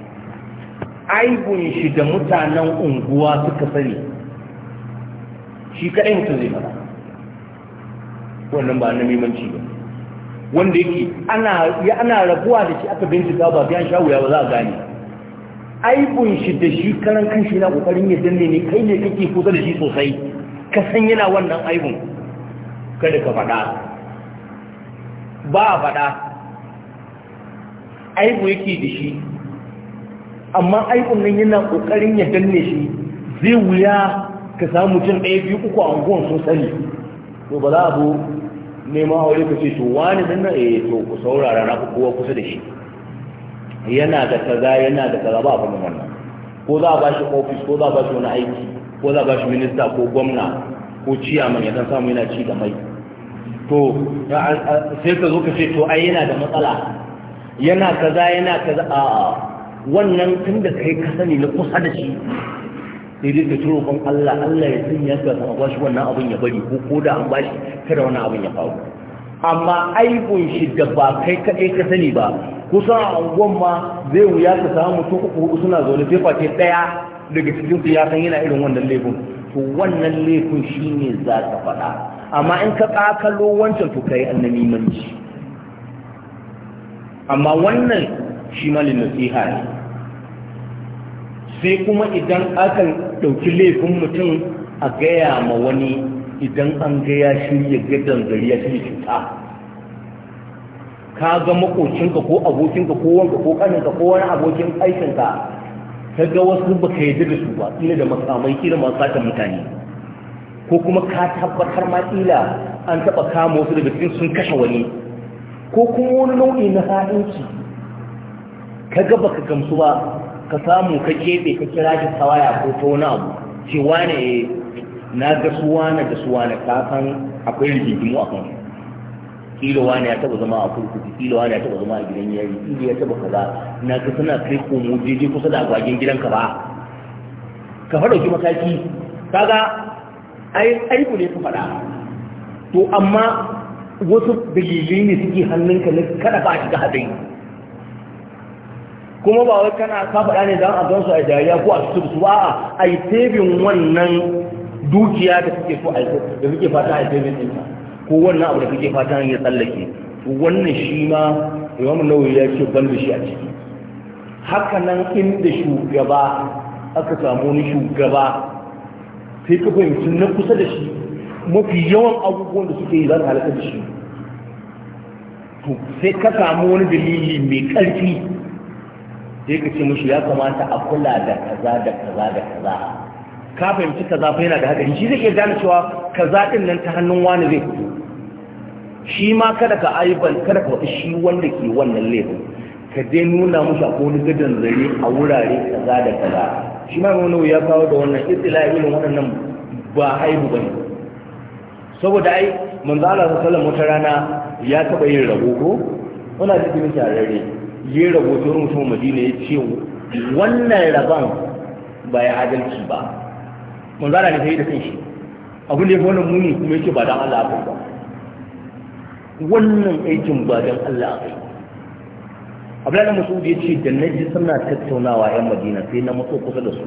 aibun shi da mutanen unguwa suka sani shi kaɗai mutum zai fara wannan ba na mimanci ba wanda yake ana rabuwa da shi aka bincika ba biyan shawuya ba za a gane aibun shi da shi karan shi na ƙoƙarin ya danne ne kai ne kake kusa da shi sosai ka san yana wannan aibun kada ka faɗa ba a faɗa aibu yake da shi amma aikun nan yana ƙoƙarin ya danne shi zai wuya ka samu jin ɗaya biyu uku a unguwan sun sani to ba za a bu neman aure ka ce to wani nan na eh to ku saurara na kowa kusa da shi yana da kaza yana da kaza ba abin wannan ko za a ba shi ofis ko za a ba shi wani aiki ko za a ba shi minista ko gwamna ko ciyaman ya san samu yana ci da mai to sai ka zo ka ce to ai yana da matsala yana kaza yana kaza a'a wannan tun da kai ka sani na kusa da shi sai dai ka ci Allah Allah ya sanya ya ka ba shi wannan abin ya bari ko ko da an ba shi kada wannan abin ya faru amma aibun shi da ba kai kaɗai ka sani ba kusa a unguwan ma zai wuya ka samu mutum uku hudu suna zaune sai face ɗaya daga cikin su ya san yana irin wannan laifin to wannan laifin shine za ka faɗa amma in ka ƙakalo wancan to kai manci amma wannan shi ma nasiha ne sai kuma idan akan ɗauki laifin mutum a gaya ma wani idan an gaya shi ya gadon gari ya shi cuta ka ga makocinka ko abokinka ko wanka ko kaninka ko wani abokin aikinka ka ga wasu ba ka yarda da su ba ina da makamai kila masu sata mutane ko kuma ka tabbatar ma kila an taɓa kama wasu daga cikin sun kashe wani ko kuma wani nau'i na ha'inci ka gaba ka gamsu ba ka samu ka keɓe ka kira shi tawaya ko ta wani abu ce wane eh, na ga su wane da su wane ka san akwai rigingimu a kan kilo wane ya taba zama a kurkuku kilo wane ya taba zama a gidan yari kilo ya taba kaza na ga suna kai komo jeje kusa da agwagin gidanka ba ka fara ki mataki kaga ai ku ne ka faɗa to amma wasu dalilai ne suke hannunka na kada ba shiga hadari kuma ba wai kana ka faɗa ne don a don su a dariya ko a su su ba a yi tebin wannan dukiya da suke so a da suke fata a tebin ɗinka ko wannan abu da suke fata ya tsallake wannan shi ma imamu nawawi ya ce ban da shi a ciki haka nan inda shugaba aka samu ni shugaba sai ka fahimci na kusa da shi mafi yawan abubuwan da suke yi za su halaka da shi to sai ka samu wani dalili mai ƙarfi sai ka ce mishi ya kamata a kula da kaza da kaza da kaza ka fahimci kaza fa yana da haɗari shi zai iya gane cewa kaza din nan ta hannun wani zai fito shi ma kada ka ayyukan kada ka shi wanda ke wannan laifin ka dai nuna mushi a wani gadon zare a wurare kaza da kaza shi ma wani ya kawo da wannan istila irin waɗannan ba haihu ba ne saboda ai manzo Allah sallallahu alaihi wasallam wata rana ya taɓa yin rago ko muna cikin tarare ya rabu ta mutum madina ya ce wannan rabon ba ya adalci ba mun zara ne sai da kan shi abin ya fi wannan muni kuma ya ce ba don Allah ba wannan aikin ba don Allah ba abdullahi masud ya ce da na ji suna tattaunawa yan madina sai na matso kusa da su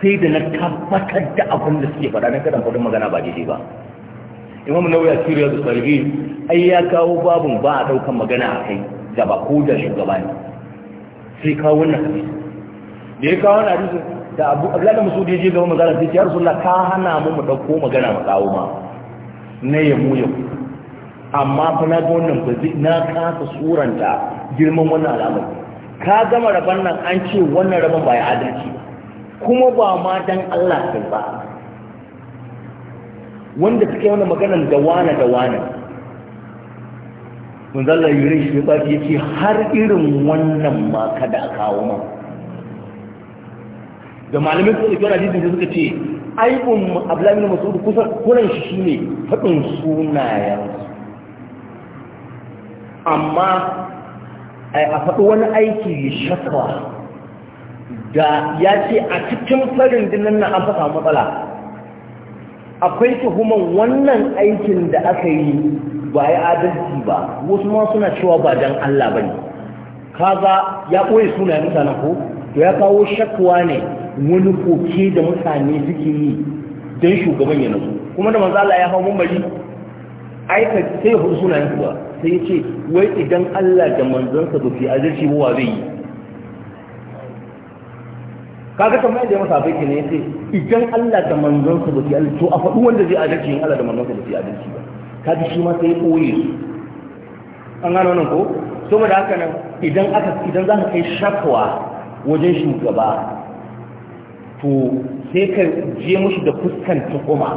sai da na tabbatar da abin da suke faɗa na kada faɗin magana ba daidai ba imam nawawi a siriya da salihin ai ya kawo babun ba a daukan magana a kai da ba ko da shugaba ne sai kawo wannan hadisi da ya kawo wannan hadisi da abu abdullahi masudi ya je gaba magana sai ya rasulullah ka hana mu mu dauko magana mu kawo ma na mu ya amma fa na ga wannan ba na kasa suranta girman wannan al'amari ka gama rabon nan an ce wannan rabon ba ya adalci kuma ba ma dan Allah sai ba wanda suke wannan maganan da wane da wane manzala yuri shi ba ya ce har irin wannan ma kada a kawo ma da malamin su ɗauki hadisin da suka ce aibun um, abdullahi masu masudu kusan kuran shi shine faɗin sunayen amma a faɗi wani aiki ya shakawa da ya ce a cikin farin dinnan na an fasa matsala akwai tuhuman wannan aikin da aka yi ba ya adalci ba wasu ma suna cewa ba dan Allah bane kaza ya koyi suna mutane ko to ya kawo shakwa ne wani koke da mutane suke yi dan shugaban ya nazo kuma da manzo Allah ya hawo mumbari aika sai ya suna sunayen ba sai ya ce wai idan Allah da manzansa ba fi adalci ba wa zai yi kaga kamar yadda masa abin ne yace idan Allah da manzon sa bai Allah to a faɗi wanda zai adalci in Allah da manzon sa bai adalci ba kaga shi ma sai ya koye an gano nan ko saboda haka nan idan aka idan za ka kai shakwa wajen shugaba to sai ka je mushi da fuskan tukuma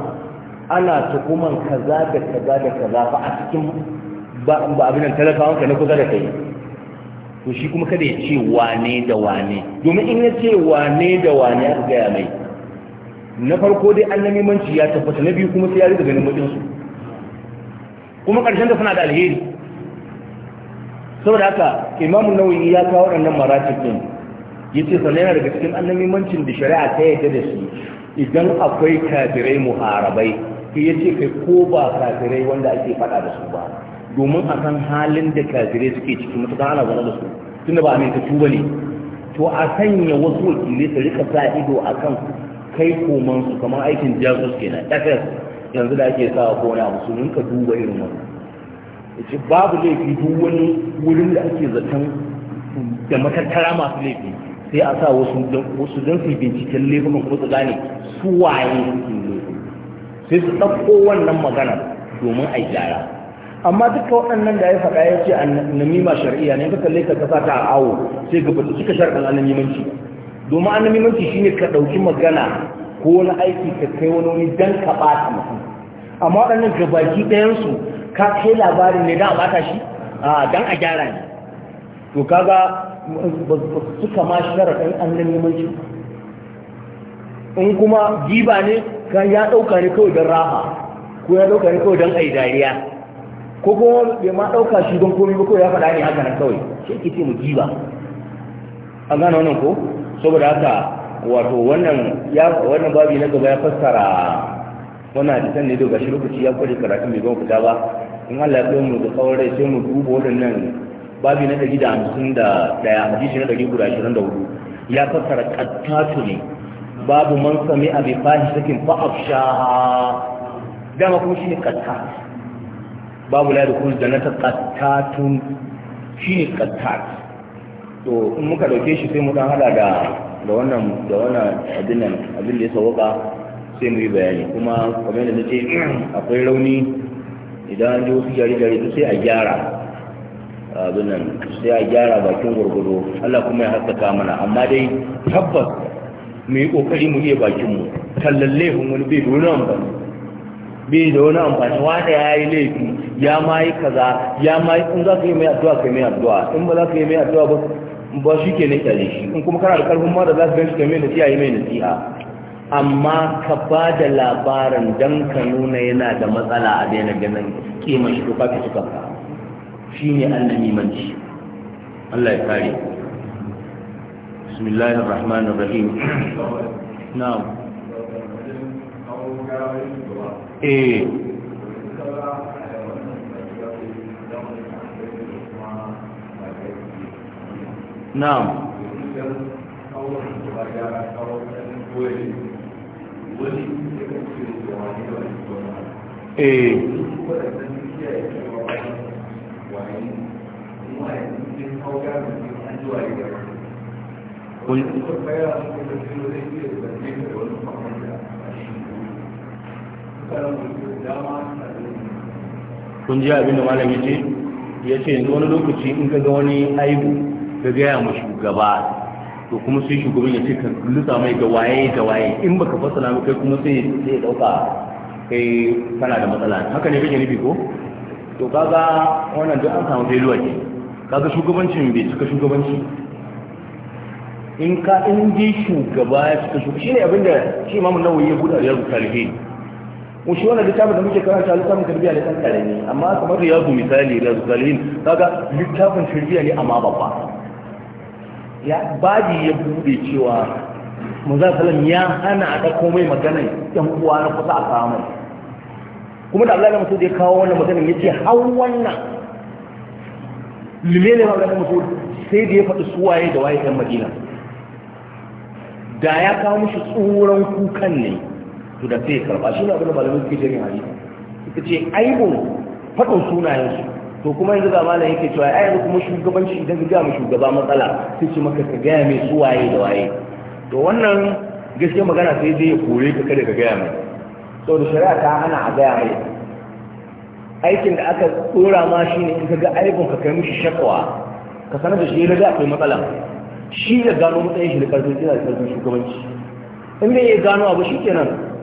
ana tukuman kaza da kaza da kaza fa a cikin ba abin nan talakawanka na kusa da kai to shi kuma kada ya ce wane da wane domin in ya ce wane da wane aka gaya mai na farko dai an manci ya tabbata na biyu kuma sai ya riga ganin mutunsu kuma ƙarshen da suna da alheri saboda haka imamu nawawi ya kawo waɗannan maratib din yace sannan yana daga cikin mancin da shari'a ta yadda da su. idan akwai kafirai muharabai sai yace kai ko ba kafirai wanda ake faɗa da su ba domin a san halin da kafirai suke ciki mutu ana zama da su tunda ba a mai ba ne to a sanya wasu wakilai su rika sa ido a kan kai koman su kamar aikin jasus na fs yanzu da ake sa ko wani abu su ninka duba irin wannan ce babu laifi duk wani wurin da ake zaton da matattara masu laifi sai a sa wasu don su binciken laifukan kuma su gane su waye suke laifin sai su ɗauko wannan magana domin a gyara amma duka waɗannan da ya faɗa ya ce namima shari'a ne ka kalle ka kasa ta awo sai ka fita cika sharɗin namimanci domin shi ne ka ɗauki magana ko wani aiki ka kai wani wani dan ka ɓata mutum amma waɗannan gabaki ɗayansu ka kai labarin ne don a ɓata shi A don a gyara ne to kaga suka ma sharaɗin namimanci in kuma giba ne ka ya ɗauka ne kawai don raha ko ya ɗauka ne kawai don ayi dariya ko kuma bai ma ɗauka shi don komai ba ko ya faɗa ne haka nan kawai shi ke ce mu ba. an gane wannan ko saboda haka wato wannan ya wannan babi na gaba ya fassara wannan hadisan ne daga shi lokaci ya kware karatun bai gama fita ba in Allah ya kai mu da tsawon rai sai mu duba waɗannan babi na ɗari da hamsin da ɗaya hadisi na ɗari guda ashirin da hudu ya fassara ƙattatu ne babu man sami abi fahishatin fa'afsha dama kuma shi ne ƙattatu babu la yadkhul jannata qattatun shine qattat to in muka dauke shi sai mu dan hada da da wannan da wannan abin nan abin da ya sauka sai mu yi bayani kuma kamar da nace akwai rauni idan an ji wasu jari-jari sai a gyara abin nan sai a gyara bakin gurguru Allah kuma ya haskaka mana amma dai tabbas mu yi kokari mu iya bakin mu tallalle hun wani bai nuna mu bi da wani amfani wanda ya yi laifi ya ma yi kaza ya ma yi in za ka yi mai addu'a ka yi mai addu'a in ba za ka yi mai addu'a ba ba shi ke nan kyale shi in kuma kana da karfin ma da za ka gan shi ka mai nasiha yi mai nasiha amma ka ba da labarin don ka nuna yana da matsala a daina ganin kima shi to ka fi suka ka shi ne manci Allah ya kare bismillahir rahmanir rahim na'am eh na'am eh kun kun ji abin da malam ya ce ya ce yanzu wani lokaci in ka ga wani aibu ka gaya ma shugaba to kuma sai shugaban ya ce ka lutsa mai ga waye da waye in baka fasala ba kai kuma sai ya dauka kai kana da matsala haka ne kake nufi ko to kaga wannan duk an samu failure ke kaga shugabancin bai cika shugabanci in ka in ji shugaba ya cika shugabanci shine abinda shi imamu Nawawi ya buɗa ya rubuta alheri mu shi wannan littafin da muke karanta littafin tarbiyya ne kan karami amma kamar gumi misali da zalihin kaga littafin tarbiyya ne amma babba ya baji ya bude cewa manzo sallam ya hana a da komai magana dan uwa na kusa a samu kuma da Allah ya mutu da kawo wannan magana yace har wannan limene ga mutu sai da ya faɗi suwaye da waye kan madina da ya kawo mishi tsoron kukan ne to da sai karba shi ne abin da malamin suke jirin hali. suka ce aibun faɗin sunayensu to kuma yanzu ga malam yake cewa ai yanzu kuma shugabanci idan ka ga mu shugaba matsala sai ce maka ka gaya mai su waye da waye to wannan gaskiya magana sai zai ya kore ka kada ka gaya mai saboda shari'a ta hana a gaya mai aikin da aka tsora ma shi ne in ka ga aibun ka kai mishi shakawa ka sanar da shi ya ga akwai matsala shi ya gano matsayin shi da karfin tsira da karfin shugabanci in da ya gano abu shi kenan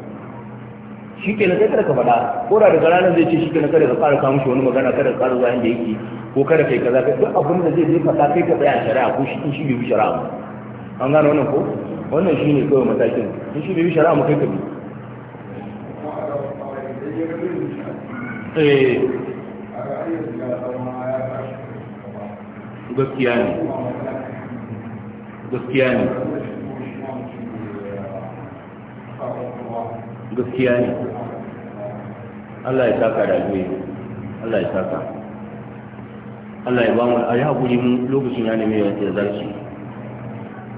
shi ke na kada ka faɗa ko da daga ranar zai ce shi ke na kada ka fara kawo shi wani magana kada ka fara zuwa inda yake ko kada kai kaza kai duk abin da zai zai faɗa kai ka tsaya shari'a ko shi in shi bai bi shari'a ba an gane wannan ko wannan shi ne kawai matakin in shi bai bi shari'a mu kai ka bi eh. gaskiya ne gaskiya ne gaskiya ne Allah ya saka da rayuwa Allah ya saka Allah ya ba mu a yi mu lokacin ya nemi yawan zarci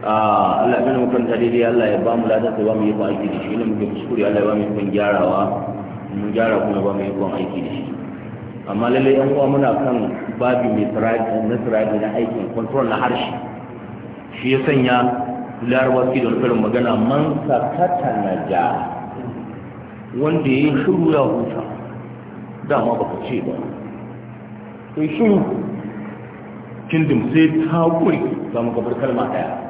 Allah ya bin dai-dai Allah ya ba mu ladan da ba mu yi ba aiki da shi ne muke kuskure Allah ya ba mu yi gyarawa mun gyara kuma ba mu yi ban aiki da shi amma lalle an kuma muna kan babi mai tsiraji na tsiraji na aikin control na harshe shi ya sanya larabar don karin magana man sakata na ja wanda ya yi shiru ya huta dama ba ka ce ba sai shiru kindim sai ta kuri za mu gabar kalma daya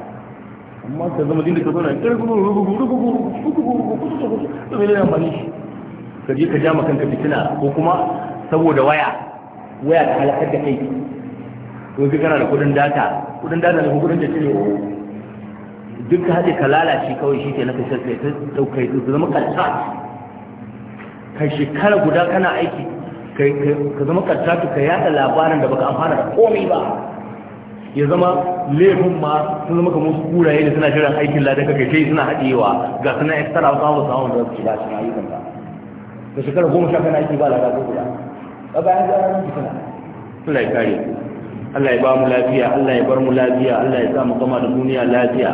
amma ka zama dinda ka zauna ɗar gudu rugugu rugugu rugugu rugugu da mai amfani shi ka je ka ja ma kanka fitina ko kuma saboda waya waya ta halakar da kai ko ka kana da kudin data kudin data ne ko kudin duk ka haɗe ka lalace kawai shi ke na kashe sai ka zama kalta kai shekara guda kana aiki ka zama kartatu ka yada labarin da baka amfana da komai ba ya zama laifin ma sun zama kamar su kuraye da suna jiran aikin ladan ka kai suna haɗewa ga suna extra samun samun da su ba su na ayyukan ba. da shekara goma sha kana aiki ba ladan ka guda ba bayan zarar nan suna suna ya kare Allah ya ba mu lafiya Allah ya bar mu lafiya Allah ya sa mu kama da duniya lafiya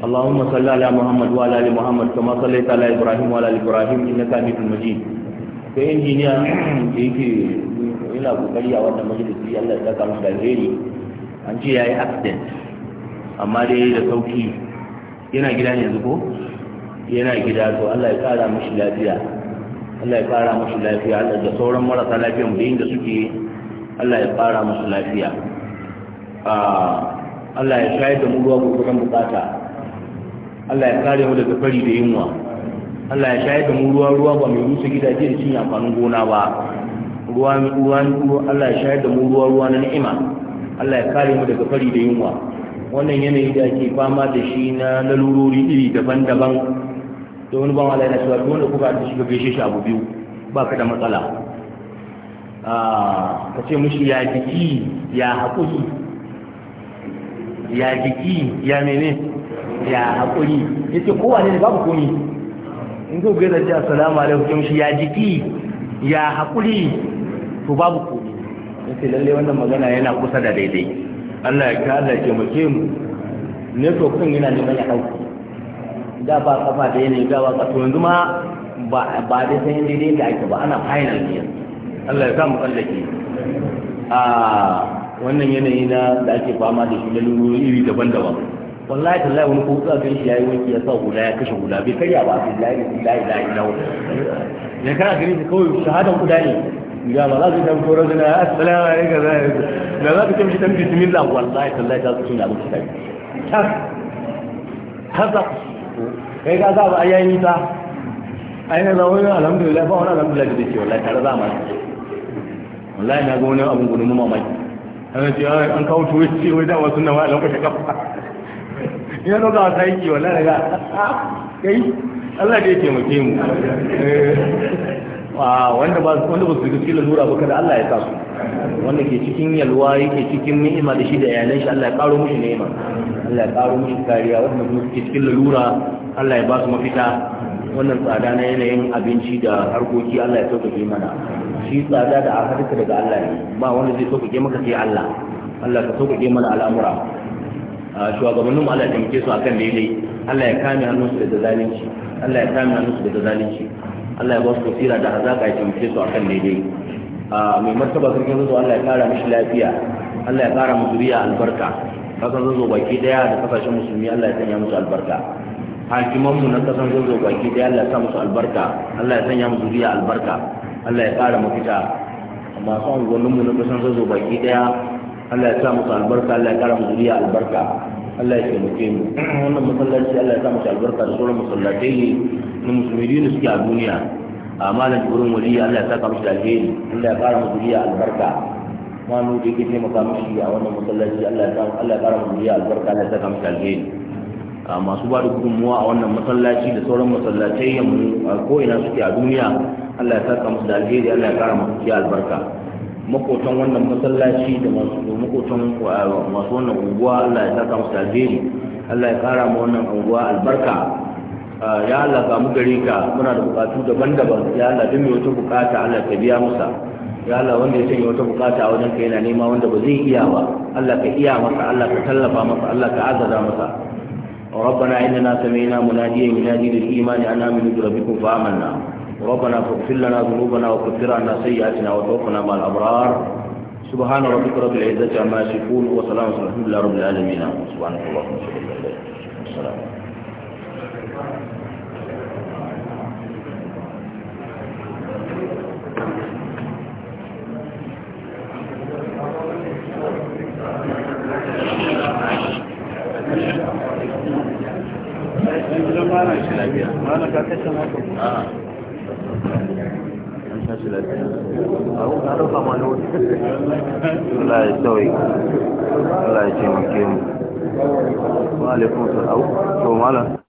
اللهم صل على محمد وعلى ال محمد كما صليت على ابراهيم وعلى ال ابراهيم انك حميد مجيد kai injiniya da yake yana kokari a wannan majalisi Allah ya saka masa alheri an ce yayi accident amma dai da sauki yana gida ne yanzu ko yana gida to Allah ya kara mishi lafiya Allah ya kara mishi lafiya Allah da sauran marasa lafiya mu da suke Allah ya kara musu lafiya ah, Allah ya shayar da mu ruwa gurgurdan bukata Allah ya kare mu daga fari da yunwa Allah ya shayar da mu ruwa ruwa ba mai rusa gidaje da cinye amfanin gona ba ruwa ruwa Allah ya shayar da mu ruwa ruwa na ni'ima Allah ya kare mu daga fari da yunwa wannan yanayi da ake fama da shi na lalurori iri daban-daban da wani ban Allah ya shi wato wanda kuka da shi ga gaishe shi abu biyu ba ka da matsala ah, ka ce mushi ya jiki ya haƙuri ya jiki ya mene ya haƙuri ya ce kowa ne babu komi in zo gaza ce assalamu alaikum shi ya jiki ya haƙuri to babu komi ya ce lalle wannan magana yana kusa da daidai Allah ya kada ke muke mu to kun yana neman ya ɗauki da ba kafa da yanayi da ba kafa yanzu ma ba dai san yanayi daidai da ake ba ana final ne Allah ya samu tsallake a ah, wannan yanayi na da ake fama da shi na lalurori iri daban-daban wallahi tallahi wani ko kuka gan shi yayi wanki ya sa hula ya kashe hula bai karya ba billahi billahi la ilaha illallah ne kana gani ka kawai shahadan kuda ne ya ba za su dan koro da assalamu alaikum da za ka ce mishi dan bismillah wallahi tallahi za su tuna miki kai tas kaza kai ga za ba ayi ta? ai na zawo ne alhamdulillah ba wani alhamdulillah da ke wallahi tare za mu wallahi na ga wani abun gudun mamaki an ce an kawo tuwo ce wai da wasu ma a lokacin kafa ya no ga wata yake wannan daga kai Allah da ya taimake mu eh, ah, wanda ba wanda ba su ga cikin lura ba kada Allah ya sa su wanda ke cikin yalwa yake cikin ni'ima da shi da iyalan shi Allah ya karo mushi ni'ima Allah ya karo mushi kariya wanda kuma ke cikin lura Allah ya ba su mafita wannan tsada na yanayin abinci da harkoki Allah ya sauƙaƙe mana shi tsada da aka duka daga Allah ne ba wanda zai sauƙaƙe maka sai Allah Allah ka sauƙaƙe mana al'amura shugabannin mu Allah ya taimake su akan daidai Allah ya kame hannunsu daga zalunci Allah ya kame hannunsu daga zalunci Allah ya ba su tsira da hazaka ya taimake su akan daidai mai martaba sarkin zuwa Allah ya kara mishi lafiya Allah ya kara musu riya albarka kasan zuwa baki daya da kasashen musulmi Allah ya sanya musu albarka hakiman mu na kasan zuwa baki daya Allah ya sa musu albarka Allah ya sanya musu riya albarka Allah ya kara mafita masu unguwannin mu na kasan zuwa baki daya Allah ya sa musu albarka Allah ya kara mu zuriya albarka Allah ya taimake mu wannan masallaci Allah ya sa musu albarka da sauran masallatai ne na musulmi da suke a duniya a malam gurin wali Allah ya saka musu alheri Allah ya kara mu zuriya albarka wani da yake taimaka mishi a wannan masallaci Allah ya sa Allah ya kara mu zuriya albarka Allah ya saka musu alheri masu ba da gudunmuwa a wannan masallaci da sauran masallatai yamma a ko'ina suke a duniya Allah ya saka musu da alheri Allah ya kara musu albarka makotan wannan masallaci da makotan masu wannan unguwa Allah ya saka musu alheri Allah ya kara mu wannan unguwa albarka ah, ya Allah ga mu gare ka muna da bukatu daban-daban ya Allah duk mai wata bukata Allah ka biya musa ya Allah wanda ya sanya wata bukata a wajen ka yana nema wanda ba zai iya ba Allah ka iya masa Allah ka tallafa masa Allah ka azaza masa ربنا إننا سمعنا مناديا ينادي للإيمان أن آمنوا بربكم فآمنا ربنا فاغفر لنا ذنوبنا وكفر عنا سيئاتنا وتوفنا مع الأبرار سبحان ربك رب العزة عما يصفون وسلام على الحمد لله رب العالمين سبحانك اللهم وبحمدك السلام Allah ya tsawai Allah ya ce mu wa alaikum salam to malam